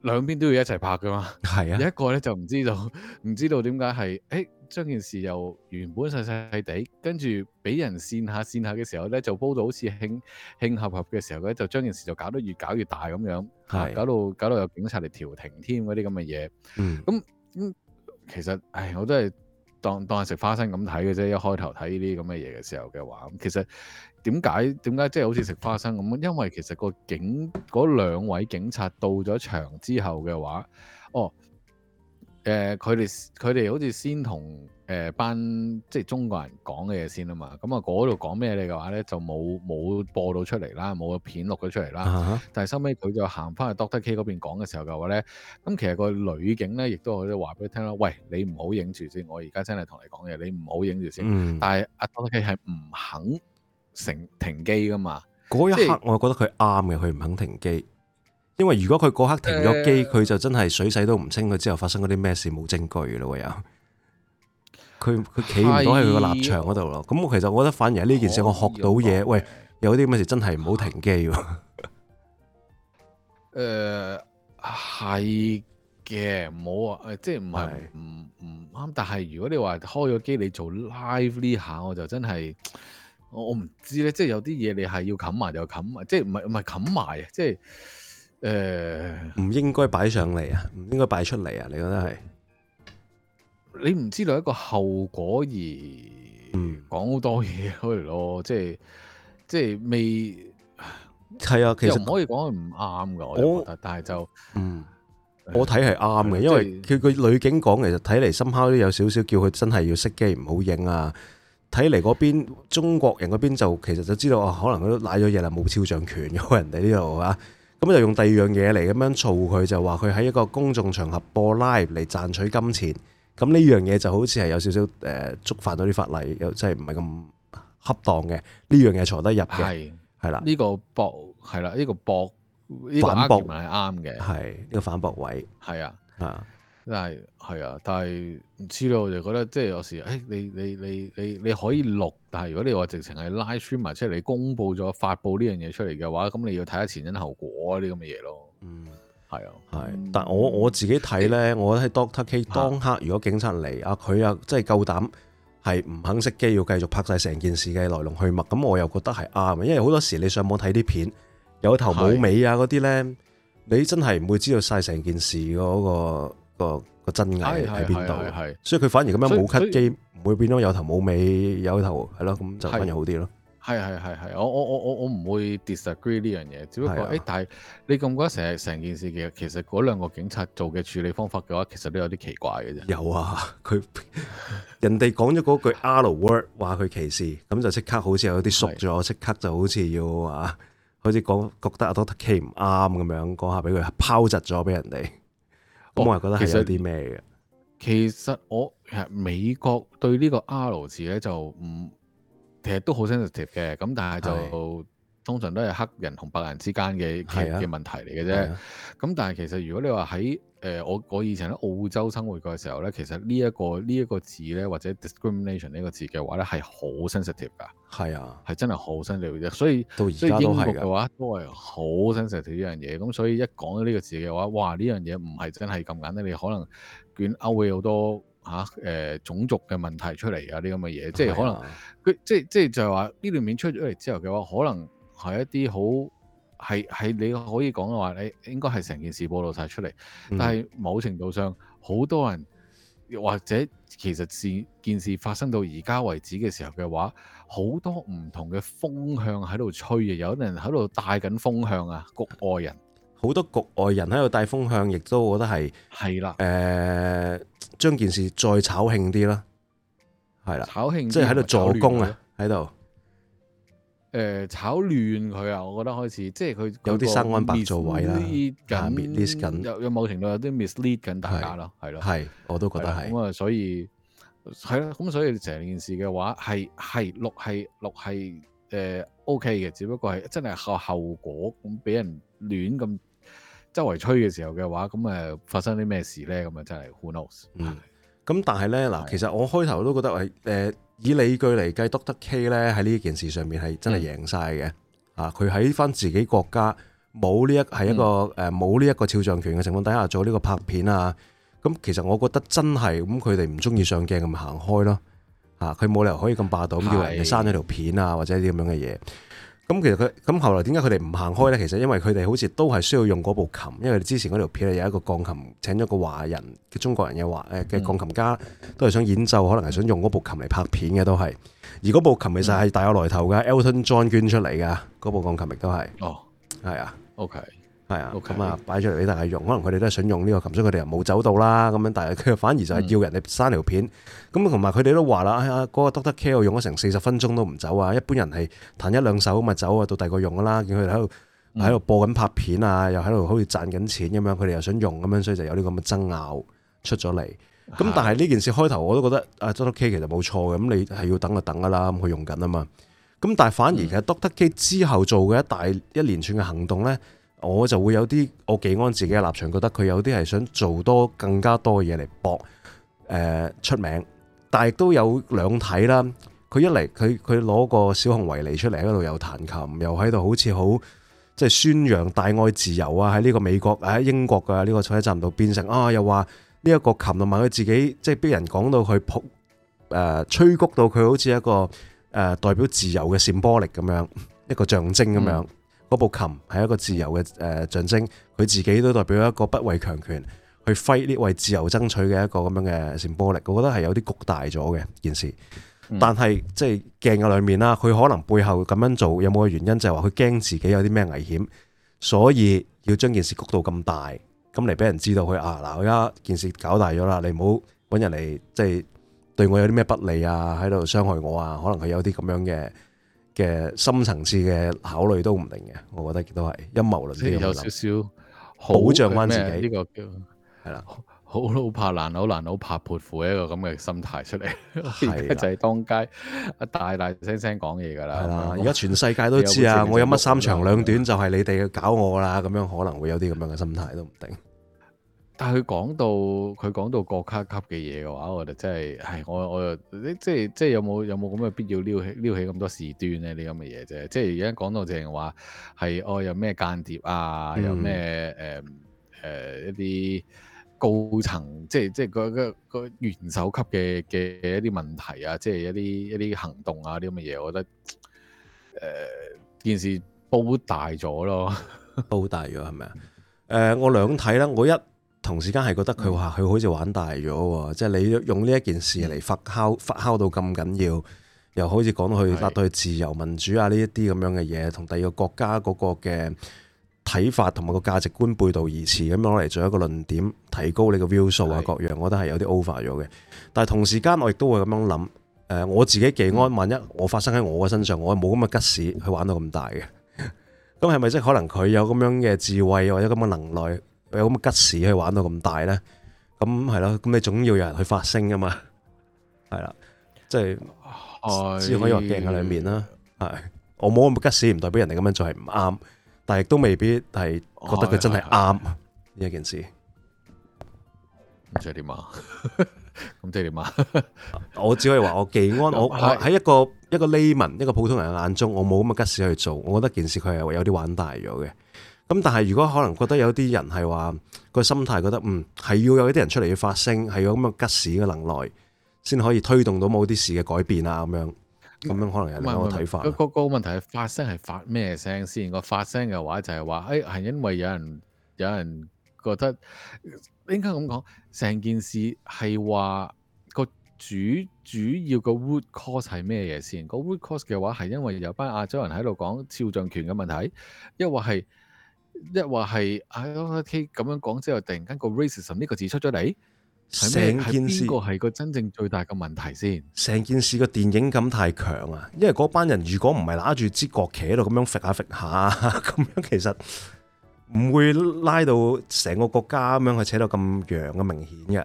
兩邊都要一齊拍㗎嘛，係啊！一個咧就唔知道，唔知道點解係，誒將件事又原本細細地，跟住俾人煽下煽下嘅時候咧，就煲到好似興興合合嘅時候咧，就將件事就搞得越搞越大咁樣，係，啊，搞到搞到有警察嚟調停添嗰啲咁嘅嘢，嗯，咁咁其實，唉，我都係。當當係食花生咁睇嘅啫，一開頭睇呢啲咁嘅嘢嘅時候嘅話，咁其實點解點解即係好似食花生咁？因為其實個警嗰兩位警察到咗場之後嘅話，哦。誒佢哋佢哋好似先同誒、呃、班即係中國人講嘅嘢先啊嘛，咁啊嗰度講咩你嘅話咧就冇冇播到出嚟啦，冇個片錄咗出嚟啦。但係收尾佢就行翻去 Doctor K 嗰邊講嘅時候嘅話咧，咁其實個女警咧亦都話俾佢聽啦，喂你唔好影住先，我而家真係同你講嘢，你唔好影住先。但係阿 Doctor K 係唔肯停停機噶嘛，嗰一刻、嗯、我覺得佢啱嘅，佢唔肯停機。因為如果佢嗰刻停咗機，佢、呃、就真係水洗都唔清佢之後發生嗰啲咩事冇證據咯又，佢佢企唔到喺佢個立場嗰度咯。咁的我其實我覺得反而係呢件事我，我學到嘢。嗯、喂，有啲咩事真係唔好停機。誒的，係嘅、 呃，冇啊，誒，即係唔係唔唔啱。但係如果你話開咗機你做 live 呢下，我就真係我我唔知咧。即係有啲嘢你係要冚埋就冚埋，即係唔係唔係冚埋啊，即係。誒，唔、呃、應該擺上嚟啊，唔應該擺出嚟啊。你覺得係你唔知道一個後果而講好多嘢出嚟咯，即係即係未係啊。其實唔可以講佢唔啱噶，我，我但係就嗯，我睇係啱嘅，因為佢個女警講其實睇嚟深刻，都有少少，叫佢真係要熄機唔好影啊。睇嚟嗰邊中國人嗰邊就其實就知道啊，可能佢都瀨咗嘢啦，冇肖像權嘅，人哋呢度啊。咁就用第二樣嘢嚟咁樣嘈佢，就話佢喺一個公眾場合播 live 嚟賺取金錢。咁呢樣嘢就好似係有少少誒觸犯到啲法例，又即係唔係咁恰當嘅。呢樣嘢坐得入嘅係係啦，呢是的個博係啦，呢、這個博、這個、反駁係啱嘅，係呢、這個反駁位係啊啊。的但係係啊，但係唔知咯，我就覺得即係有時誒、欸，你你你你你可以錄，但係如果你話直情係 live stream 出嚟，你公布咗發布呢樣嘢出嚟嘅話，咁你要睇下前因後果啲咁嘅嘢咯。嗯，係啊，係、嗯。但我我自己睇呢，我喺 Doctor K 當刻，如果警察嚟啊，佢啊，真係夠膽係唔肯熄機，要繼續拍晒成件事嘅來龍去脈，咁我又覺得係啱嘅，因為好多時你上網睇啲片有頭冇尾啊嗰啲呢，是你真係唔會知道晒成件事嗰、那個。個個真偽喺邊度？係，所以佢反而咁樣冇 cut 機，唔會變咗有頭冇尾，有頭係咯，咁就反而好啲咯。係係係係，我我我我我唔會 disagree 呢樣嘢，只不過誒，但係你覺唔覺得成成件事其實其實嗰兩個警察做嘅處理方法嘅話，其實都有啲奇怪嘅啫。有啊，佢人哋講咗嗰句 R word 話佢歧視，咁就即刻好似有啲熟咗，即刻就好似要啊，好似講覺得阿 Doctor K 唔啱咁樣，講下俾佢拋窒咗俾人哋。我係覺得係有啲咩嘅，其實我其實美國對呢個 R 字咧就唔，其實都好 sensitive 嘅，咁但係就。通常都係黑人同白人之間嘅嘅問題嚟嘅啫。咁、啊啊、但係其實如果你話喺誒我以前喺澳洲生活過嘅時候咧，其實呢、這、一個呢一、這個字咧，或者 discrimination 呢個字嘅話咧，係好 Sensitive 噶，係啊，係真係好 Sensitive 嘅。所以到現所以英國嘅話都係好 Sensitive 呢樣嘢。咁所以一講到呢個字嘅話，哇！呢樣嘢唔係真係咁簡單。你可能捲歐會好多嚇誒、啊呃、種族嘅問題出嚟啊！呢咁嘅嘢，即係可能佢即係即係就係話呢段片出咗嚟之後嘅話，可能。係一啲好係係你可以講嘅話，你應該係成件事暴露晒出嚟。嗯、但係某程度上，好多人或者其實事件事發生到而家為止嘅時候嘅話，好多唔同嘅風向喺度吹嘅，有啲人喺度帶緊風向啊，局外人好多局外人喺度帶風向，亦都我覺得係係啦，誒了、呃，將件事再炒興啲啦，係啦，炒興，即係喺度助攻啊，喺度。誒炒亂佢啊！我覺得開始即係佢有啲生安白做位啦，緊，有有某程度有啲 mislead 緊大家咯，係咯是，係的我都覺得係。咁啊、嗯嗯，所以係啦，咁所以成、嗯、件事嘅話係係六係六係誒 OK 嘅，只不過係真係個後果咁俾人亂咁周圍吹嘅時候嘅話，咁誒發生啲咩事咧？咁啊真係 who knows？嗯，咁、嗯、但係咧嗱，其實我開頭都覺得係誒。呃以理據嚟計，Doctor K 咧喺呢件事上面係真係贏晒嘅。嗯、啊，佢喺翻自己國家冇呢一係一個誒冇呢一個肖像權嘅情況底下做呢個拍片啊，咁、啊、其實我覺得真係咁佢哋唔中意上鏡咁行開咯。啊，佢冇理由可以咁霸道咁叫人哋刪咗條片啊，或者啲咁樣嘅嘢。咁其實佢咁後來點解佢哋唔行開呢？其實因為佢哋好似都係需要用嗰部琴，因為之前嗰條片咧有一個鋼琴，請咗個華人嘅中國人嘅華誒嘅、呃、鋼琴家，都係想演奏，可能係想用嗰部琴嚟拍片嘅都係。而嗰部琴其實係大有來頭㗎，Elton、嗯、John 捐出嚟㗎，嗰部鋼琴亦都係。哦、oh. 啊，係啊，OK。係啊，咁啊，擺出嚟俾大家用，可能佢哋都係想用呢個琴，琴。所以佢哋又冇走到啦。咁樣，但係佢反而就係要人哋刪條片。咁同埋佢哋都話啦，嗰個 Doctor K 用咗成四十分鐘都唔走啊！一般人係彈一兩首咪走啊，到第二個用噶啦。見佢哋喺度喺度播緊拍片啊，嗯，又喺度好似賺緊錢咁樣，佢哋又想用咁樣，所以就有啲咁嘅爭拗出咗嚟。咁但係呢件事開頭我都覺得阿 Doctor K 其實冇錯嘅，咁你係要等就等噶啦，咁佢用緊啊嘛。咁但係反而其實 Doctor K 之後做嘅一大一連串嘅行動咧。我就會有啲我幾安自己嘅立場，覺得佢有啲係想做多更加多嘅嘢嚟搏誒出名，但係都有兩睇啦。佢一嚟佢佢攞個小熊維尼出嚟，喺度又彈琴，又喺度好似好即係宣揚大愛自由啊！喺呢個美國喺、啊、英國嘅呢、呢個車站度變成啊，又話呢一個琴同埋佢自己即係逼人講到佢蒲誒吹谷到佢好似一個誒、呃、代表自由嘅扇玻璃咁樣一個象徵咁樣。嗯嗰部琴係一個自由嘅誒象徵，佢自己都代表一個不畏強權去揮呢位自由爭取嘅一個咁樣嘅一波力，我覺得係有啲谷大咗嘅件事。但係即係鏡嘅裏面啦，佢可能背後咁樣做有冇個原因，就係話佢驚自己有啲咩危險，所以要將件事谷到咁大，咁嚟俾人知道佢啊嗱，而家件事搞大咗啦，你唔好揾人嚟即係對我有啲咩不利啊，喺度傷害我啊，可能佢有啲咁樣嘅。嘅深層次嘅考慮都唔定嘅，我覺得都係陰謀論啲咁，有少少保障翻自己呢、這個叫係啦的，好老怕難好難好怕潑婦一個咁嘅心態出嚟，而家的 就係當街大大聲聲講嘢㗎啦。而家的嗎全世界都知啊，有我有乜三長兩短就係你哋要搞我啦，咁對樣可能會有啲咁樣嘅心態都唔定。但係佢講到佢講到國家級嘅嘢嘅話，我哋真係，唉我我，即係即係有冇有冇咁嘅必要撩起撩起咁多事端呢？呢啲咁嘅嘢啫，即係而家講到淨係話係哦，有咩間諜啊，嗯、有咩誒誒一啲高層，即係即係嗰嗰嗰元首級嘅嘅一啲問題啊，即係一啲一啲行動啊，啲咁嘅嘢，我覺得誒、呃、件事煲大咗咯 大，煲大咗係咪啊？誒、uh,，我兩睇啦，我一。 主持人同時間係覺得佢話佢好似玩大咗喎，嗯、即係你用呢一件事嚟發酵，嗯、發酵到咁緊要，又好似講到去達到去自由民主啊呢一啲咁樣嘅嘢，同、嗯、第二個國家嗰個嘅睇法同埋個價值觀背道而馳，咁樣攞嚟做一個論點，提高你個 view 數啊各樣，嗯、我覺得係有啲 over 咗嘅。但係同時間我亦都會咁樣諗，誒我自己忌安，萬一我發生喺我嘅身上，我係冇咁嘅吉士去玩到咁大嘅，咁係咪即係可能佢有咁樣嘅智慧或者咁嘅能耐。有咁嘅吉士去玩到咁大咧，咁係咯，咁你總要有人去發聲噶嘛，係啦，即係只可以話鏡喺裏面啦。係、哎、我冇咁嘅吉士，唔代表人哋咁樣做係唔啱，但係亦都未必係覺得佢真係啱呢一件事。唔知係點啊？咁即係點啊？哎、 怎 我只可以話我忌安，我喺一個一個 layman 一個普通人眼中，我冇咁嘅吉士去做，我覺得件事佢係有啲玩大咗嘅。咁但係如果可能覺得有啲人係話個心態覺得嗯係要有一啲人出嚟要發聲，係有咁嘅吉事嘅能耐，先可以推動到某啲事嘅改變啊咁樣，咁樣可能有啲咩睇法？那個個問題係發聲係發咩聲先？個發聲嘅話就係話，誒係因為有人有人覺得應該咁講，成件事係話個主主要 root、那個 root cause 係咩嘢先？個 root cause 嘅話係因為有班亞洲人喺度講肖像權嘅問題，抑或係。一話係喺 Doctor K 咁樣講之後，突然間個 racism 呢個字出咗嚟，成件事邊個係個真正最大嘅問題先？成件事個電影感太強啊！因為嗰班人如果唔係拿住支國旗喺度咁樣揈下揈下，咁樣其實唔會拉到成個國家咁樣去扯到咁揚嘅明顯嘅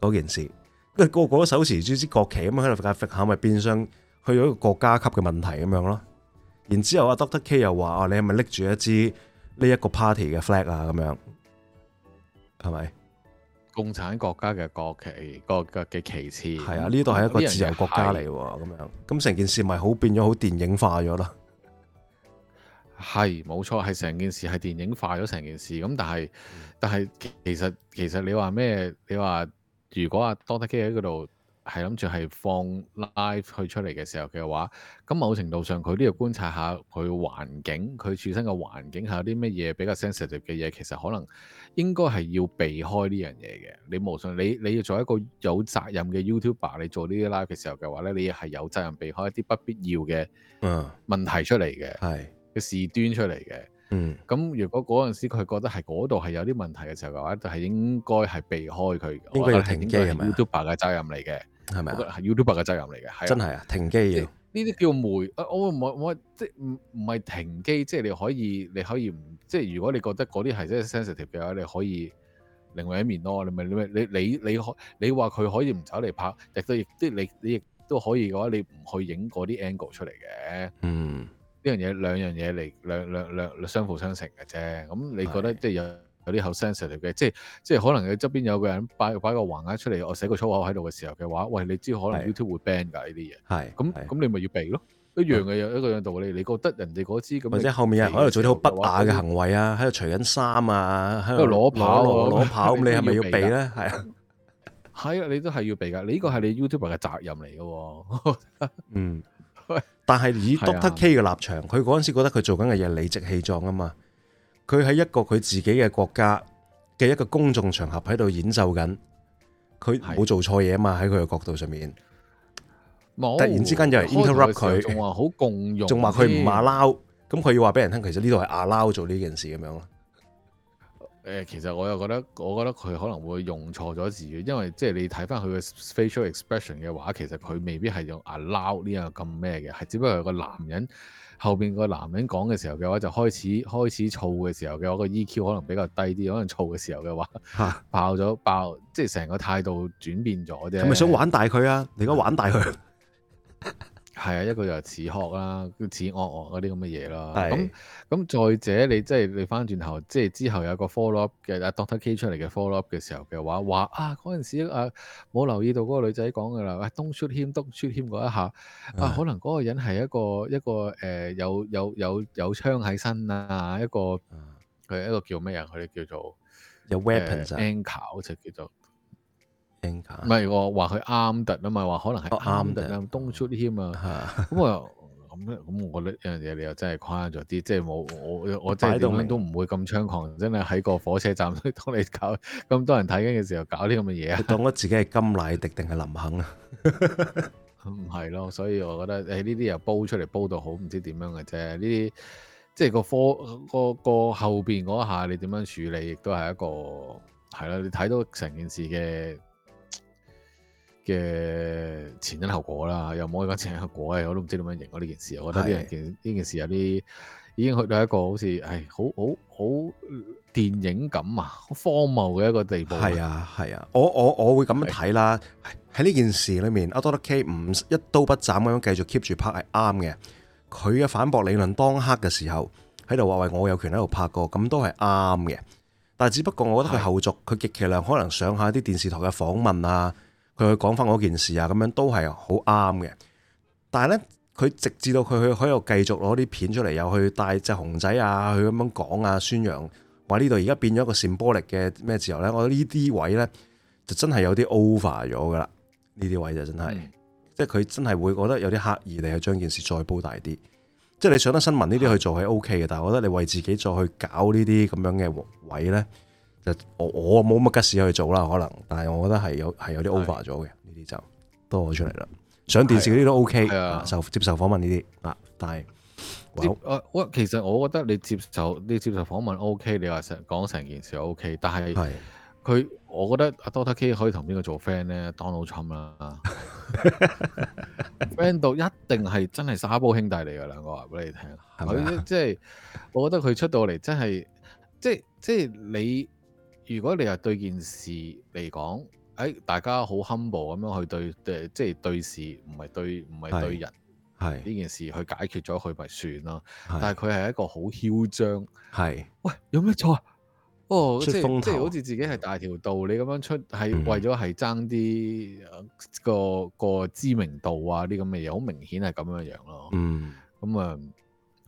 嗰件事。因為個個都手持住支國旗咁樣喺度揈下揈下，咪變相去咗一個國家級嘅問題咁樣咯。然之後阿 Doctor K 又話：啊，你係咪拎住一支？呢一個 party 嘅 flag 啊，咁樣係咪？共產國家嘅國旗，個嘅嘅旗幟係啊，呢度係一個自由國家嚟喎，咁、嗯、樣咁成件事咪好變咗好電影化咗咯？係冇錯，係成件事係電影化咗成件事。咁但係、嗯、但係其實其實你話咩？你話如果啊 Doctor K 喺嗰度？係諗住係放 live 去出嚟嘅時候嘅話，咁某程度上佢都要觀察下佢環境，佢處身嘅環境係有啲乜嘢比較 sensitive 嘅嘢，其實可能應該係要避開呢樣嘢嘅。你無信，你你要做一個有責任嘅 YouTuber，你做呢啲 live 嘅時候嘅話咧，你係有責任避開一啲不必要嘅問題出嚟嘅，係嘅、uh, 事端出嚟嘅。Uh, 嗯，咁如果嗰陣時佢覺得係嗰度係有啲問題嘅時候嘅話，就係應該係避開佢。應該要停機係咪？YouTuber 嘅責任嚟嘅。係咪係 YouTube 嘅責任嚟嘅，真係啊停機嘅。呢啲叫媒，啊，我冇冇即係唔唔係停機，即係你可以你可以唔即係如果你覺得嗰啲係即係 sensitive 嘅話，你可以另外一面咯。你咪你咪你你你可你話佢可以唔走嚟拍，亦都亦即係你你亦都可以嘅話，你唔去影嗰啲 angle 出嚟嘅。嗯，呢樣嘢兩樣嘢嚟，兩兩兩相輔相成嘅啫。咁你覺得即係有。有啲好 sensitive 嘅，即係即係可能佢側邊有個人擺擺個橫額出嚟，我寫個粗口喺度嘅時候嘅話，喂，你知可能 YouTube 會 ban 㗎呢啲嘢。係，咁咁你咪要避咯。一樣嘅有一個道理，你覺得人哋嗰支咁或者後面人喺度做啲好不雅嘅行為啊，喺度除緊衫啊，喺度攞跑攞跑，咁你係咪要避咧？係啊，係啊，你都係要避噶。你呢個係你 YouTube 嘅責任嚟嘅。嗯，但係以 Doctor K 嘅立場，佢嗰陣時覺得佢做緊嘅嘢理直氣壯啊嘛。佢喺一個佢自己嘅國家嘅一個公眾場合喺度演奏緊，佢冇做錯嘢啊嘛！喺佢嘅角度上面，有突然之間有人 interrupt 佢，仲話好共用，仲話佢唔 allow，咁佢、嗯、要話俾人聽，其實呢度係 allow 做呢件事咁樣咯。誒、呃，其實我又覺得，我覺得佢可能會用錯咗字語，因為即係你睇返佢嘅 facial expression 嘅話，其實佢未必係用 allow 呢樣咁咩嘅，係只不過係個男人。後邊個男人講嘅時候嘅話，就開始開始燥嘅時候嘅話，個 EQ 可能比較低啲，可能燥嘅時候嘅話蛤爆咗爆，即係成個態度轉變咗啫。係咪想玩大佢啊？你而家玩大佢。 係啊，一個就係似殼啦，似惡惡嗰啲咁嘅嘢咯。咁咁的再者，你即係你翻轉頭，即係之後有個 follow up 嘅 Doctor K 出嚟嘅 follow up 嘅時候嘅話，話啊嗰陣時啊冇留意到嗰個女仔講㗎啦，Don't shoot him，Don't shoot him 嗰一下的啊，可能嗰個人係一個一個誒有有有有槍喺身啊，一個佢一,、呃、一,一,一個叫咩啊？佢哋叫做有 weapons anchor 好似叫做。唔係我話佢啱突啊嘛，話可能係啱突啊，東出添啊，咁啊咁咧，咁我覺得一、就是、樣嘢，你又真係誇咗啲，即係冇我我真係都唔會咁猖狂，真係喺個火車站度當 你搞咁多人睇緊嘅時候搞啲咁嘅嘢啊！當我自己係金乃迪定係林肯啊？唔係咯，所以我覺得誒呢啲又煲出嚟煲到好唔知點樣嘅啫，呢啲即係個科、嗰個、嗰個後邊嗰下你點樣處理，亦都係一個係啦，你睇到成件事嘅。嘅前因後果啦，又冇依家前因後果，我都唔知點樣形容呢件事，的我覺得呢件呢件事有啲已經去到一個好似係、哎、好好好電影咁啊，好荒謬嘅一個地步。係啊，係啊，我我我會咁樣睇啦。喺呢的件事裏面，阿 Doctor K 唔一刀不斬咁樣繼續 keep 住拍係啱嘅。佢嘅反駁理論當刻嘅時候喺度話，喂，我有權喺度拍過咁都係啱嘅。但係只不過，我覺得佢後續佢的極其量可能上下啲電視台嘅訪問啊。佢去講翻嗰件事啊，咁樣都係好啱嘅。但係呢，佢直至到佢去喺度繼續攞啲片出嚟，又去帶隻熊仔啊，去咁樣講啊，宣揚話呢度而家變咗一個善玻璃嘅咩自由呢？我覺得呢啲位呢，就真係有啲 over 咗噶啦。呢啲位就真係，嗯、即係佢真係會覺得有啲刻意嚟去將件事再煲大啲。即係你上得新聞呢啲去做係 OK 嘅，嗯、但係我覺得你為自己再去搞呢啲咁樣嘅位呢。我我冇乜吉事去做啦，可能，但係我覺得係有係有啲 over 咗嘅，呢啲對就多咗出嚟啦。上電視嗰啲都 OK，受是的 接受訪問呢啲，嗱是的，但係我其實我覺得你接受你接受訪問 OK，你話成講成件事 OK，但係佢，我覺得阿 Doctor K 可以同邊個做 friend 咧？Donald Trump 啦，friend 到一定係真係沙煲兄弟嚟噶，兩個話俾你聽，係咪？即係，我覺得佢出到嚟真係，即係、即係、你。如果你係對件事嚟講，誒大家好 humble 咁樣去對，誒即係對事，唔係對唔係對人，係呢件事去解決咗，佢咪算咯。但係佢係一個好囂張，係喂有咩錯啊？哦，即係即係好似自己係大條道，你咁樣出係為咗係爭啲個個知名度啊啲咁嘅嘢，好明顯係咁樣樣咯、嗯。嗯，咁啊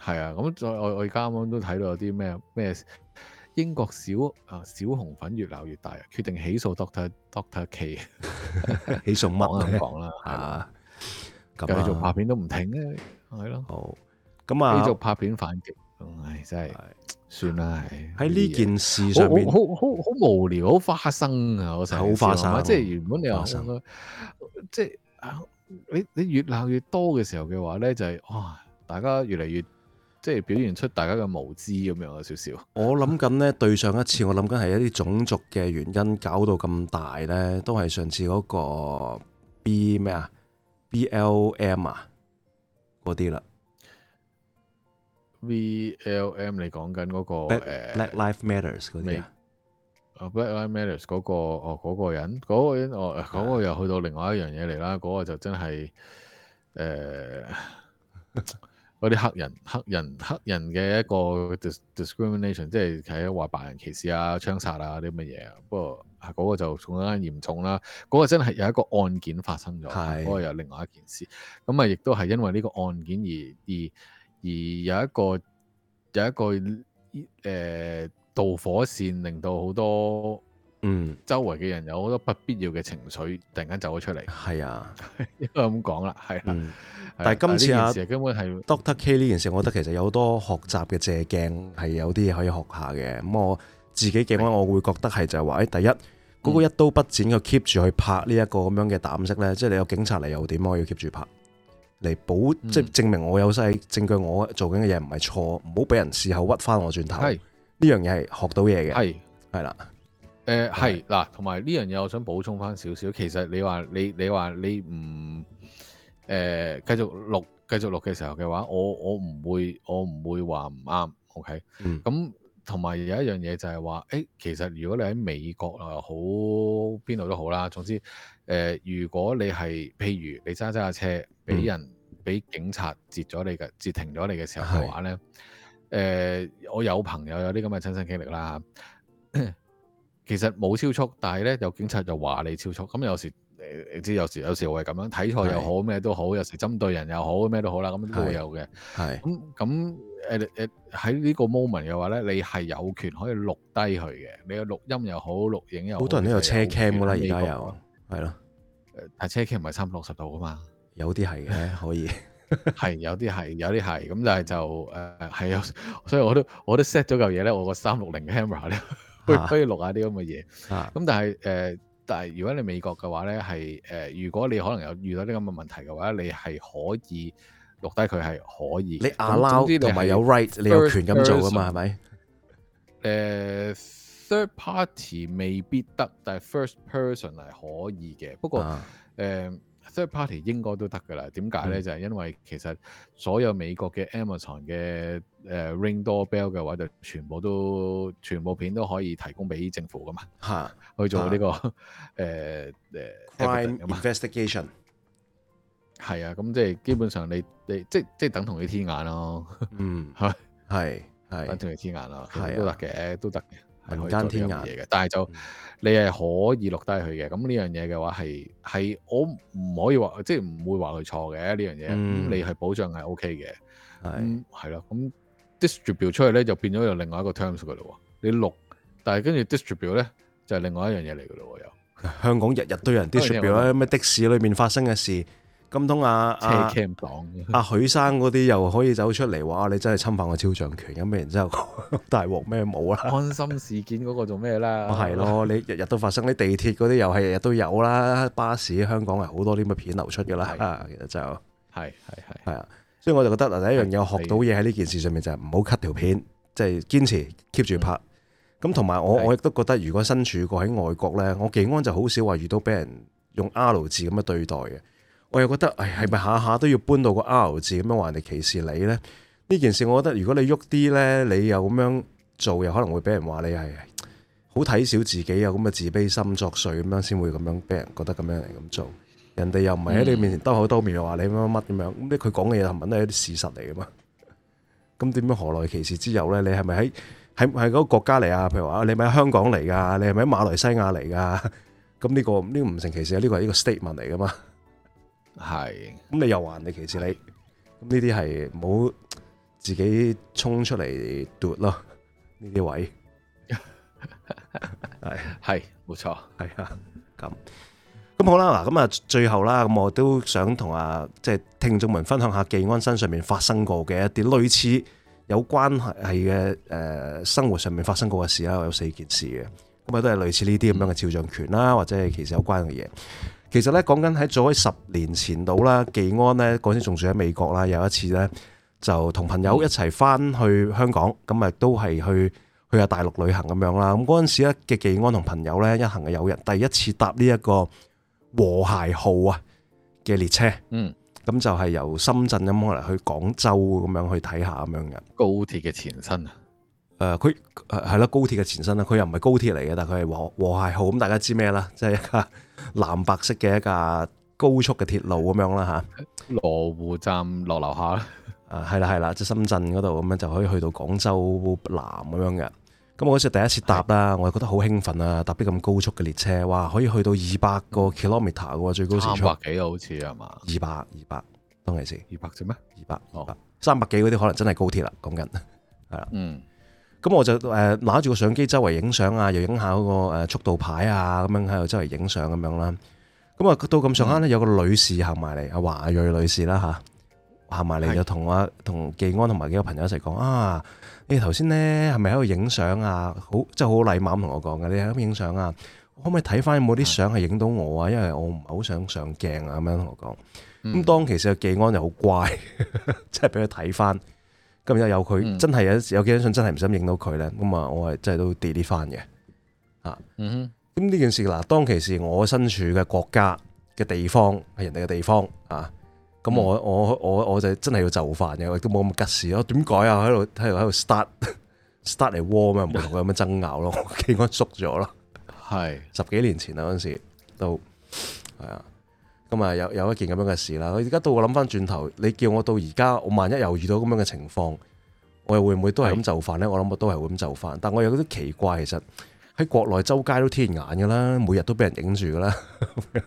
係啊，咁再我我而家啱啱都睇到有啲咩咩。英國小啊小紅粉越鬧越大，決定起訴 Doctor Doctor K，起訴乜咁講啦吓，繼續、 啊嗯、拍片都唔停啊，係咯、嗯，好咁啊，繼、嗯、續拍片反擊，唉真係算啦了，喺呢件，件事上邊，好好好，好無聊，好花生啊，我成日好花生，嗯、即係原本生你，你越越話，即係你你越鬧越多嘅時候嘅話咧，就係、是、哇，大家越嚟越。即係表現出大家嘅無知咁樣有少少。我諗緊咧，對上一次我諗緊係一啲種族嘅原因搞到咁大咧，都係上次嗰個 B 咩 BL 啊，BLM 啊嗰啲啦。BLM 你講緊嗰個 Black Life Matters 嗰啲。Bad, uh, Black Life Matters 嗰個哦，嗰個人，嗰個人哦，嗰個又去到另外一樣嘢嚟啦。嗰個就真係誒。Uh, 嗰啲黑人、黑人、黑人嘅一個 discrimination，即係喺話白人歧視啊、槍殺啊啲乜嘢啊，不過嗰個就仲更加嚴重啦。嗰、嗰個真係有一個案件發生咗，嗰個又另外一件事。咁啊，亦都係因為呢個案件而而而有一個有一個誒、呃、導火線令到好多。嗯，周圍嘅人有好多不必要嘅情緒，突然間走咗出嚟。係啊，應該咁講啦，係啦。但係今次呢件事根本係 Doctor K 呢件事，我覺得其實有好多學習嘅借鏡，係有啲嘢可以學下嘅。咁我自己嘅話，我會覺得係就係話，誒，第一嗰個一刀不剪嘅 keep 住去拍呢一個咁樣嘅膽色咧，即係你有警察嚟又點啊？要 keep 住拍嚟保，即係證明我有晒證據，我做緊嘅嘢唔係錯，唔好俾人事後屈翻我轉頭。係呢樣嘢係學到嘢嘅，係、係啦。誒係嗱，同埋呢樣嘢，我想補充翻少少。其實你話你你話你唔誒、呃、繼續錄繼續錄嘅時候嘅話，我我唔會我唔會話唔啱。OK，咁同埋有一樣嘢就係話，誒、欸、其實如果你喺美國啊，好邊度都好啦。總之誒、呃，如果你係譬如你揸揸下車，俾人俾、嗯、警察截咗你嘅截停咗你嘅時候嘅話咧，誒是、呃、我有朋友有啲咁嘅親身經歷啦。其實冇超速，但係咧有警察就話你超速。咁有時你知，有時有時會咁樣睇錯又好咩都好，是的 有時針對人又好咩都好啦。咁都會有嘅。係咁咁誒誒，喺呢個 moment 嘅話咧，你、呃、係、呃呃呃呃呃呃、有權可以錄低佢嘅。你嘅錄音又好，錄影又好，好多人都有車 cam 噶啦，而家有係咯。誒、呃，但車 cam 唔係三百六十度噶嘛？有啲係嘅， 可以係有啲係，有啲係。咁但係就誒係、呃、有，所以我都我都 set 咗嚿嘢咧，我個三六零嘅 camera 咧。 不不如錄下啲咁嘅嘢，咁但係誒，但係、呃、如果你美國嘅話呢，係誒、呃，如果你可能有遇到啲咁嘅問題嘅話，你係可以錄低佢，係可以。你阿啲同埋有 right，First 你有權咁做㗎嘛，係咪 person,？誒、呃、third party 未必得，但係 first person 係可以嘅。不過誒。啊呃 Third party 應該都得嘅啦，點解咧？嗯、就係因為其實所有美國嘅 Amazon 嘅誒、uh, Ring Doorbell 嘅話，就全部都全部片都可以提供俾政府噶嘛，嚇哈去做呢、這個誒誒 crime investigation。係啊，咁即係基本上你你，你即即等同於天眼咯，嗯係係係等同於天眼啦，其實都得嘅，啊、都得嘅。民間天眼嘅，但係就你係可以錄低佢嘅，咁呢樣嘢嘅話係係我唔可以話，即係唔會話佢錯嘅呢樣嘢，嗯、你係保障係 O K 嘅，係係咯，咁、嗯、distribute 出嚟咧就變咗有另外一個 terms 嘅咯喎，你錄，但係跟住 distribute 咧就係、是、另外一樣嘢嚟嘅咯喎又。香港日日都有人 distribute 咧，咩的士裏面發生嘅事。.咁通啊，車企唔講，阿、啊啊、許生嗰啲又可以走出嚟話、啊、你真係侵犯我肖像權咁，然之後大鑊咩冇啦？安心事件嗰個做咩啦？咪係咯，你日日都發生啲地鐵嗰啲又係日日都有啦，巴士香港係好多呢啲片流出㗎啦，的其實就係係係係啊，所以我就覺得第一樣嘢學到嘢喺呢件事上面就係唔好 cut 條片，即係堅持 keep 住拍。咁同埋我我亦都覺得，如果身處過喺外國咧，我極安就好少話遇到俾人用 R 字咁樣對待嘅。我又覺得，誒係咪下下都要搬到個 R 字咁樣話人哋歧視你呢？呢件事我覺得，如果你喐啲呢，你又咁樣做，又可能會俾人話你係好睇小自己，有咁嘅自卑心作祟咁樣，先會咁樣俾人覺得咁樣嚟咁做。人哋又唔係喺你面前兜口兜面話你乜乜乜咁樣，佢講嘅嘢係咪都係一啲事實嚟噶嘛？咁點樣何來歧視之有呢？你係咪喺喺喺嗰個國家嚟啊？譬如話，你係咪喺香港嚟噶？你係咪喺馬來西亞嚟噶？咁呢個，呢個唔成歧視啊？呢個係一個 statement 嚟噶嘛？係，咁是你又話人哋歧視你，咁呢啲係唔好自己衝出嚟 do 咯，呢啲位係係冇錯，係啊，咁咁好啦，嗱咁啊最後啦，咁我都想同啊即係聽眾們分享下紀安身上面發生過嘅一啲類似有關係嘅誒生活上面發生過嘅事啦，有四件事嘅，咁啊都係類似呢啲咁樣嘅肖像權啦，或者係其實有關嘅嘢。其實咧講緊喺早喺十年前度啦，紀安咧嗰陣時仲算喺美國啦。有一次咧，就同朋友一齊翻去香港，咁啊都係去去下大陸旅行咁樣啦。咁嗰陣時咧嘅紀安同朋友咧一行嘅友人第一次搭呢一個和諧號啊嘅列車，嗯，咁就係由深圳咁可能去廣州咁樣去睇下咁樣嘅高鐵嘅前身啊。誒、呃，佢係啦，高鐵嘅前身啦，佢又唔係高鐵嚟嘅，但佢係和和諧號。咁大家知咩啦？即係藍白色嘅一架高速嘅鐵路咁樣啦，吓、啊、羅湖站落樓下啦， 啊係啦係啦，即係深圳嗰度咁樣就可以去到廣州南咁樣嘅。咁我好似第一次搭啦，的我就覺得好興奮啊！搭啲咁高速嘅列車，哇，可以去到二百個 kilometer 嘅喎，最高時速二百幾，好似係嘛？二百二百，當其時二百啫咩？二百三百幾嗰啲可能真係高鐵啦，講緊係啦，嗯。咁我就誒拿住個相機周圍影相啊，又影下嗰個速度牌啊，咁樣喺度周圍影相咁樣啦。咁啊到咁上下咧，有個女士行埋嚟，阿、嗯、華裔女士啦吓，行埋嚟就同我同紀安同埋幾個朋友一齊講啊，你頭先咧係咪喺度影相啊？好即係好禮貌咁同我講嘅，你喺度影相啊？可唔可以睇翻有冇啲相係影到我啊？因為我唔係好想上鏡啊，咁樣同我講。咁當其實個紀安又好乖，即係俾佢睇翻。今日有佢真係有有幾張信真係唔想影到佢咧，咁啊，我係真係都 delete 翻嘅啊。咁呢件事嗱，當其時我身處嘅國家嘅地方係人哋嘅地方啊，咁我我我我就真係要就範嘅，亦都冇咁急事咯。點解啊？喺度喺度喺度 start start 嚟 war 咩，啊？唔同佢咁樣爭拗咯，結果縮咗咯。係、啊、是十幾年前啊，嗰時都係啊。咁啊，有有一件咁樣嘅事啦。而家到我諗翻轉頭，你叫我到而家，我萬一又遇到咁樣嘅情況，我又會唔會都係咁就範呢？的我諗我都係會咁就範。但係我有啲奇怪，其實喺國內周街都天然眼噶啦，每日都俾人影住噶啦。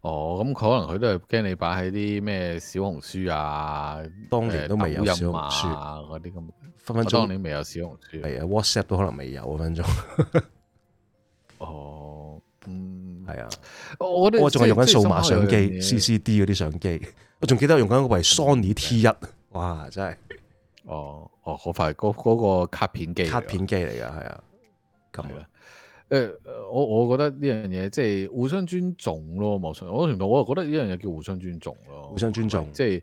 哦，咁可能佢都係驚你擺喺啲咩小紅書啊，當年都未有小紅書啊，嗰啲咁分分鐘你未有小紅書，係啊，WhatsApp 都可能未有分鐘。 哦。係啊，我我仲係用緊數碼相機 C C D 嗰啲相機，我 仲記得用緊個位 Sony T 一是，哇真係哦哦好快嗰嗰、嗰個卡片機卡片機嚟噶係啊咁樣誒、呃、我我覺得呢樣嘢即係互相尊重咯，冇錯。我認同，我又覺得呢樣嘢叫互相尊重咯，互相尊重即係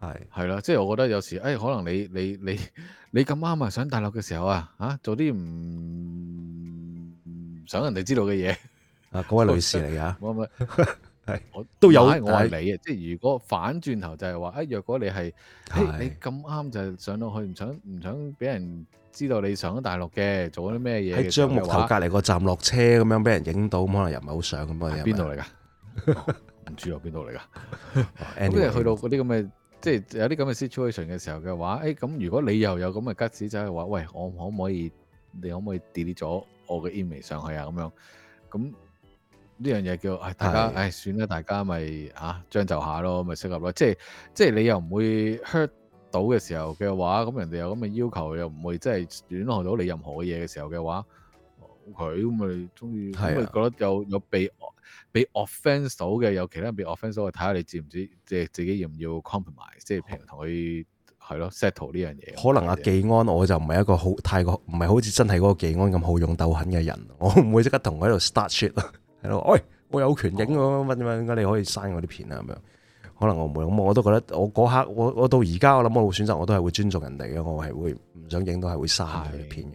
係係啦。即係我覺得有時誒、哎，可能你你你你咁啱啊，上大陸嘅時候啊啊做啲唔想人哋知道嘅嘢。 啊！嗰位女士嚟㗎，我都有。我係你啊，即係如果反轉頭就係話，啊若果你係，誒你咁啱就上到去，唔想唔想俾人知道你上咗大陸嘅，做嗰啲咩嘢？喺樟木頭隔離個站落車咁樣俾人影到，咁可能又唔係好想咁樣。邊度嚟㗎？唔知又邊度嚟㗎？咁即係去到嗰啲咁嘅，即係有啲咁嘅 situation 嘅時候嘅話，誒咁如果你又有咁嘅吉子，就係話，喂，我可唔可以，你可唔可以 delete 咗我嘅 email 上去啊？咁樣咁。呢樣嘢叫誒大家是的 唉，算啦，大家咪嚇、啊、將就下咯，咪適合咯。即係即係你又唔會 hurt 到嘅時候嘅話，咁人哋有咁嘅要求又唔會即係損害到你任何嘢嘅時候嘅話，佢咁咪中意，咁咪覺得有有被被 offense 到嘅，有其他人被 offense 到嘅，睇下你知唔知即係自己要唔要 compromise，即係平同佢係咯 settle 呢樣嘢。可能阿、啊、技安我就唔係一個好太過唔係好似真係嗰個技安咁好勇鬥狠嘅人，我唔會即刻同佢喺度 start shit 喂，我有權影咁乜嘢乜嘢？點解你可以刪我啲片啊？咁樣可能我唔會。咁我都覺得，我嗰刻我我到而家我諗，我會選擇我都係會尊重人哋嘅。我係會唔想影到係會刪佢啲片嘅。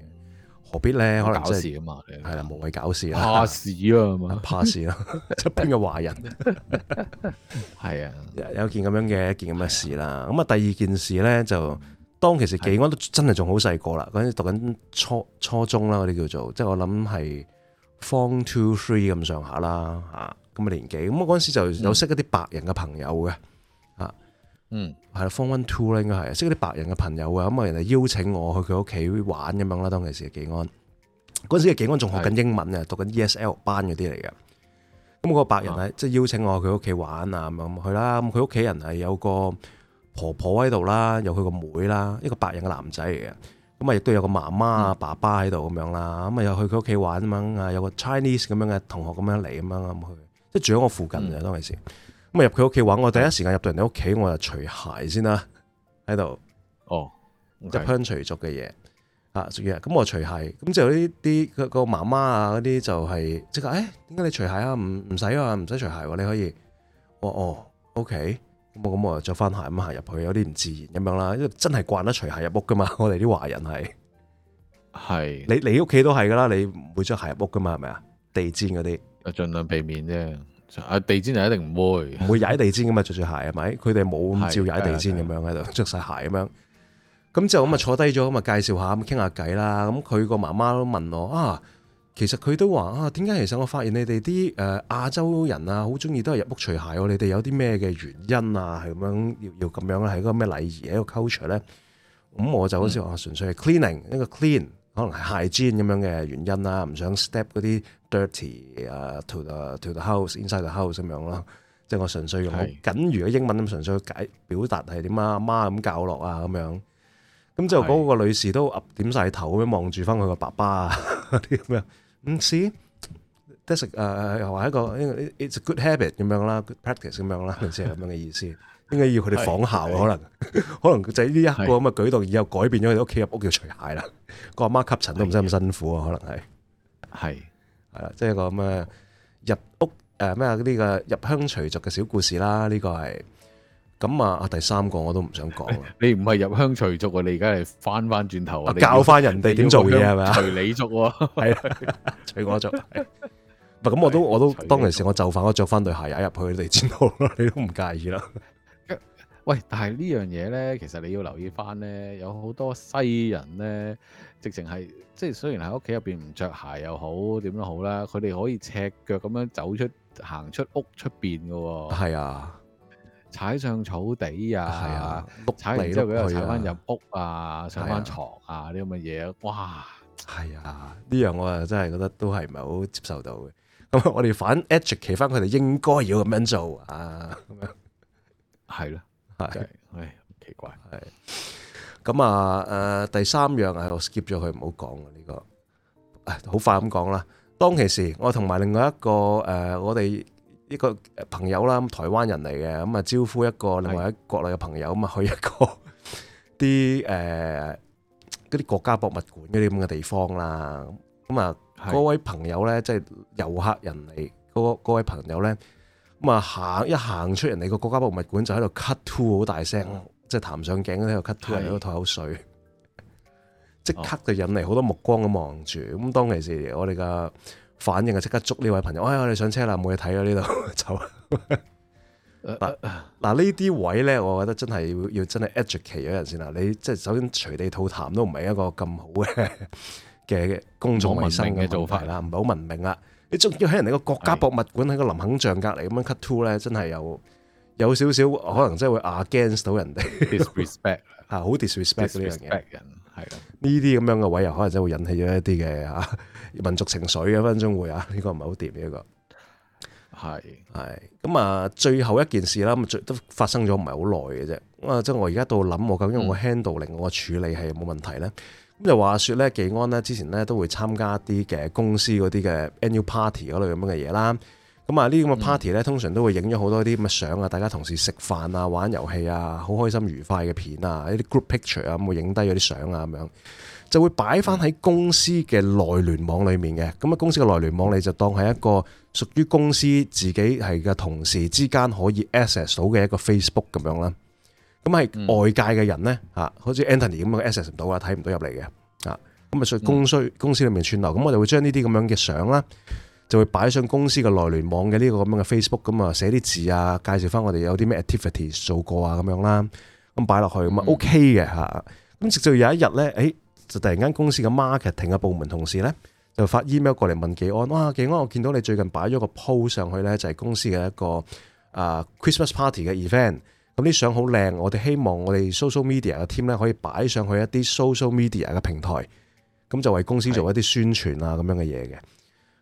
何必咧？可能搞事啊嘛，係啦，無謂搞事啦。怕事啊嘛？怕事啦！即係邊個壞人？係啊，有件咁樣嘅一件咁嘅事啦。咁啊，第二件事咧，就當其實幾安都真係仲好細個啦。嗰陣讀緊初初中啦，嗰啲叫做即係我諗係。Form two three 咁上下啦，吓，咁嘅年紀，咁我嗰陣時就有識一啲白人嘅朋友嘅，啊，嗯，係啦，form one two 咧應該係，識嗰啲白人嘅朋友嘅，咁啊人哋邀請我去佢屋企玩咁樣啦，當其時嘅。幾安，嗰陣時嘅幾安仲學緊英文啊，讀緊 E S L 班嗰啲嚟嘅。咁我個白人係即係邀請我去佢屋企玩啊，咁樣去啦。咁佢屋企人係有個婆婆喺度啦，有佢個妹啦，一個白人嘅男仔嚟嘅。咁啊，亦都有個媽媽啊、爸爸喺度咁樣啦，咁啊又去佢屋企玩啊，有個 Chinese 咁樣嘅同學咁樣嚟咁樣咁去，即係住喺我附近嘅、嗯、當其時。咁啊入佢屋企玩，我第一時間入到人哋屋企，我就除鞋先啦，喺度。哦，入鄉隨俗嘅嘢啊，屬於咁我除鞋，咁就呢啲佢個媽媽啊嗰啲就係即係，誒點解你除鞋啊？唔唔使啊，唔使除鞋喎、啊，你可以，哦哦，OK。咁我又着翻鞋咁行入去，有啲唔自然咁樣啦，因為真係慣得除鞋入屋噶嘛，我哋啲華人係係是你你屋企都係噶啦，你唔會着鞋入屋噶嘛，係咪啊？地氈嗰啲，啊盡量避免啫，啊地氈就一定唔會唔會踩地氈噶嘛，着住鞋係咪？佢哋冇咁照踩地氈咁樣喺度着晒鞋咁樣，咁之後咁啊坐低咗咁啊介紹下咁傾下偈啦，咁佢個媽媽都問我啊。其實佢都話啊，點解其實我發現你哋啲誒亞洲人啊，好中意都係入屋除鞋喎、啊？你哋有啲咩嘅原因啊？係咁樣要要咁樣咧？係嗰個咩禮儀一個 culture 咧？咁、嗯、我就好似話純粹係 cleaning 一個 clean，可能係 hygiene 咁樣嘅原因啦、啊，唔想 step 嗰啲 dirty 啊、uh, to 啊 to the house inside the house 咁樣咯、啊。即係我純粹用緊餘嘅英文咁純粹去解表達係點啊？媽咁教落啊咁樣。咁就嗰個女士都噏點曬頭咁樣望住翻佢個爸爸啊啲咁樣，唔知得食誒誒，又話一個，it's a good habit 咁樣啦，good practice 咁樣啦，唔知係咁樣嘅意思，應該要佢哋仿效啊，可能可能就係呢一個咁嘅舉動，以後改變咗佢哋屋企入屋要除鞋啦，個阿媽吸塵都唔使咁辛苦啊，可能係係係啦，即係一個咁嘅入屋誒咩呢個入鄉隨俗嘅小故事啦，呢個係。咁啊，第三個我都唔想講啦。你唔係入鄉隨俗啊，你而家係翻翻轉頭啊，教翻人哋點做嘢係咪啊？隨你俗喎，係啊，隨我俗。唔係咁，我都的我都也當其時我就飯，我着翻對鞋入去地鐵度咯。你都唔介意啦。喂，但係呢樣嘢咧，其實你要留意翻咧，有好多西人咧，直情係即係雖然喺屋企入邊唔着鞋又好，點都好啦，佢哋可以赤腳咁樣走出、行出屋出邊嘅喎。係啊。踩上草地啊，啊踩完之後佢又踩翻入、啊、屋啊，上翻床啊，呢啲咁嘅嘢，哇！係啊，呢、這、樣、個、我啊真係覺得都係唔係好接受到嘅。咁我哋反 educate 翻佢哋應該要咁樣做啊，咁樣係咯，係、啊，係、 啊哎、奇怪，係。咁啊，誒、呃、第三樣係我 skip 咗佢唔好講嘅呢個，好快咁講啦。當其時我同埋另外一個誒、呃，我哋。一個朋友啦，台灣人嚟嘅，咁、嗯、啊招呼一個另外一個國內嘅朋友，咁啊是的 去一個啲誒啲國家博物館嗰啲咁嘅地方啦。咁是的 啊嗰位朋友咧，即係遊客人嚟，嗰位朋友咧，咁啊行一行出人哋個國家博物館就喺度 cut two 好大聲，是的 即係痰上頸喺度 cut 喺度吐口水，即刻就引嚟好多目光咁望住。咁當其時我哋嘅。反應啊！即刻捉呢位朋友，哎，我哋上車啦，冇嘢睇啦，呢度走。嗱呢啲位咧，我覺得真係要要真係 educate 咗人先啦。你即係首先隨地吐痰都唔係一個咁好嘅嘅公眾衞生嘅做法啦，唔係好文明啦。你仲要喺人哋個國家博物館喺個的林肯像隔離咁樣 cut two 咧，真係有有少少可能真係會 against 到人哋 disrespect 啊，好 disrespect 呢樣嘢。呢啲咁樣嘅位又可能真係會引起咗一啲嘅吓民族情緒嘅，分分鐘會啊！呢、這個唔係好掂呢個，係係咁啊！最後一件事啦，咁最都發生咗唔係好耐嘅啫。啊，即係我而家到諗我究竟我 handle 令我處理係冇問題咧。咁就、嗯、話說咧，紀安咧之前咧都會參加啲嘅公司嗰啲嘅 annual party 嗰類咁樣嘅嘢啦。咁啊！呢啲咁嘅 party 咧，通常都會影咗好多啲咁嘅相啊，大家同事食飯啊、玩遊戲啊，好開心愉快嘅片啊，一啲 group picture 啊，咁會影低嗰啲相啊，咁樣就會擺翻喺公司嘅內聯網裡面嘅。咁啊，公司嘅內聯網你就當係一個屬於公司自己係嘅同事之間可以 access 到嘅一個 Facebook 咁樣啦。咁係外界嘅人咧，嚇、嗯、好似 Anthony 咁樣 access 唔到啊，睇唔到入嚟嘅。啊，咁啊，所以公司、嗯、公司裡面串流，咁我哋會將呢啲咁樣嘅相啦。就會擺上公司嘅內聯網嘅呢個咁樣嘅 Facebook 咁啊，寫啲字啊，介紹翻我哋有啲咩 activities 做過啊咁樣啦，咁擺落去咁啊、嗯、OK 嘅吓。咁直到有一日咧，誒、哎、就突然間公司嘅 marketing 嘅部門同事咧就發 email 過嚟問紀安，哇，紀安我見到你最近擺咗個 post 上去咧就係、是、公司嘅一個啊、呃、Christmas party 嘅 event，咁啲相好靚，我哋希望我哋 social media 嘅 team 咧可以擺上去一啲 social media 嘅平台，咁就為公司做一啲宣傳啊咁是樣嘅嘢嘅。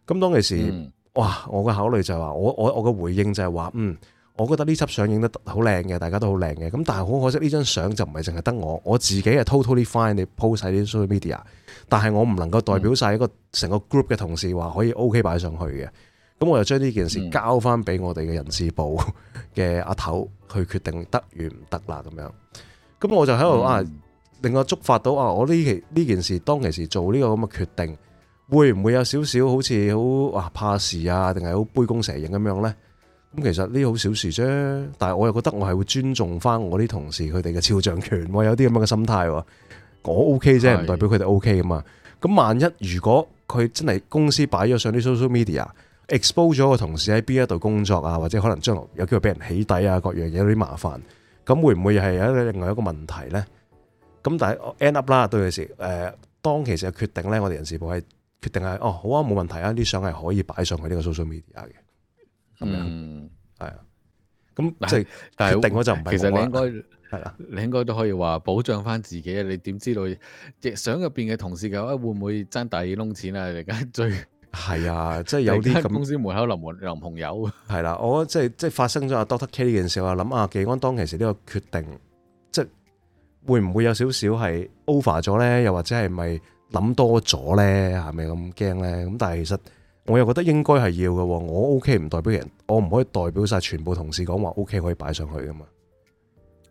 咁當其時，嗯、哇！我嘅考慮就係、是、話，我我我嘅回應就係、是、話，嗯，我覺得呢輯相影得好靚嘅，大家都好靚嘅。咁但係好可惜呢張相就唔係淨係得我，我自己係 totally fine 你 post 晒啲 social media，但係我唔能夠代表晒一個成、嗯、個 group 嘅同事話可以 OK 擺上去嘅。咁我就將呢件事交翻俾我哋嘅人事部嘅阿頭、嗯、 去決定得與唔得啦，咁樣。咁我就喺度、嗯、啊，令我觸發到啊，我呢期呢件事當其時做呢個咁嘅決定。會唔會有少少好似好哇怕事啊，定係好杯弓蛇影咁樣呢？咁其實呢好小事啫，但係我又覺得我係會尊重翻我啲同事佢哋嘅肖像權，我有啲咁樣嘅心態。我 O K 啫，唔代表佢哋 O K 噶嘛。咁是萬一如果佢真係公司擺咗上啲 social media，expose 咗個同事喺邊一度工作啊，或者可能將來有機會俾人起底啊，各樣嘢，有啲麻煩，咁會唔會又係一個另外一個問題呢？咁但係 end up 啦，到時誒，當其實嘅決定呢，我哋人事部係。決定係哦，好啊，冇問題啊，啲相係可以擺上去呢個 social media 嘅。咁嗯，係啊就，咁即係決定咗就唔係其實你應該係啦，你應該都可以話保障翻自己啊！你點知道？影相入邊嘅同事嘅話，啊、會唔會爭大耳窿錢啊？而家最係啊，即係有啲咁公司門口淋門淋朋友。係啦樣，我即係即係發生咗阿 Doctor K 呢件事我諗下啊，諗阿紀安當其時呢個決定，即係會唔會有少少係 over 咗咧？又或者係咪？諗多咗咧，係咪咁驚咧？咁但係其實我又覺得應該係要嘅喎。我 O K 唔代表人，我唔可以代表晒全部同事講話 O K 可以擺上去噶嘛。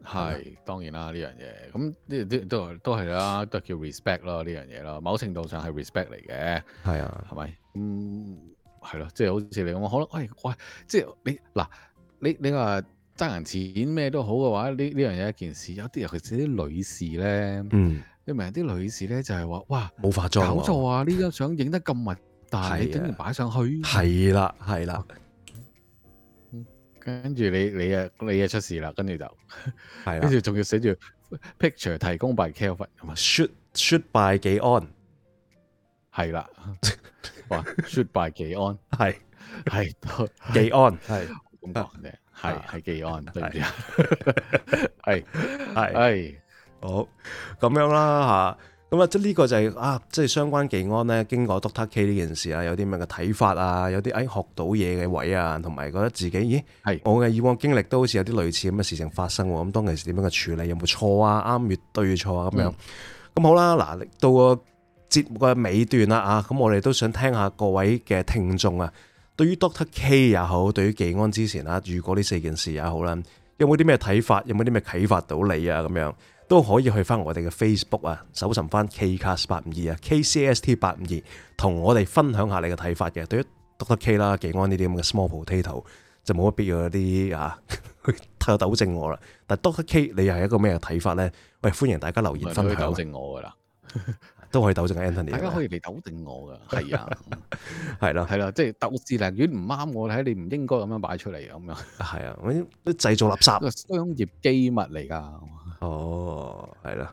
係，係咪？當然啦，呢樣嘢咁呢都都係啦，都係叫 respect 咯，呢樣嘢咯。某程度上係 respect 嚟嘅。係啊，係咪？嗯，係咯，即係好似你咁可能，喂喂，即係你嗱，你你話爭人錢咩都好嘅話，呢呢樣嘢一件事，有啲尤其是啲女士咧，嗯。你明啲女士咧就係話，哇，冇化妝，搞錯啊！呢張相影得咁密，但係你竟然擺上去，係啦，係啦。跟住你，你啊，你啊出事啦，跟住就係，跟住仲要寫住 picture 提供 by Kelvin，shoot shoot by 幾安。係啦，哇，shoot by 幾安？係係幾安？係中國嘅，係係幾安？對唔對啊？係係。好咁樣啦吓，咁啊、就是就是、啊，即呢個就係啊，即係相關技安呢。經過 Doctor K 呢件事啊，有啲咩嘅睇法啊，有啲誒、哎、學到嘢嘅位啊，同埋覺得自己咦係是我嘅以往經歷都好似有啲類似咁嘅事情發生。咁、啊、當其時點樣嘅處理有冇錯啊？啱唔啱？對唔對錯啊？咁、嗯、樣咁、啊、好啦。嗱，到個節目嘅尾段啦啊，咁、啊、我哋都想聽下各位嘅聽眾啊，對於 Doctor K 也好，對於技安之前啦、啊，遇過呢四件事也好啦，有冇啲咩睇法？有冇啲咩啟發到你啊？咁樣。都可以去翻我哋嘅 Facebook 啊，搜尋翻 K Cast 八五二啊，K C S T 八五二，同我哋分享下你嘅睇法嘅。對於 Doctor K 啦，幾安呢啲咁嘅 small potato 就冇乜必要，有啲啊去去糾正我啦。但 Doctor K 你又係一個咩睇法咧？喂，歡迎大家留言分享。都可以糾正我噶啦，都可以糾正 Anthony。大家可以嚟糾正我噶，係啊，係啦，係啦，即係鬥智量遠唔啱我睇，你唔應該咁樣擺出嚟咁樣。係啊，啲製造垃圾，商業機密嚟㗎。哦，係啦，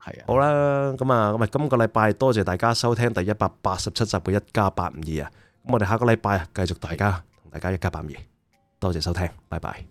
係啊的，好啦，咁啊，咁啊，今個禮拜多謝大家收聽第一百八十七集嘅一家852啊，咁我哋下個禮拜啊，繼續大家同的大家一家 852，52, 多謝收聽，拜拜。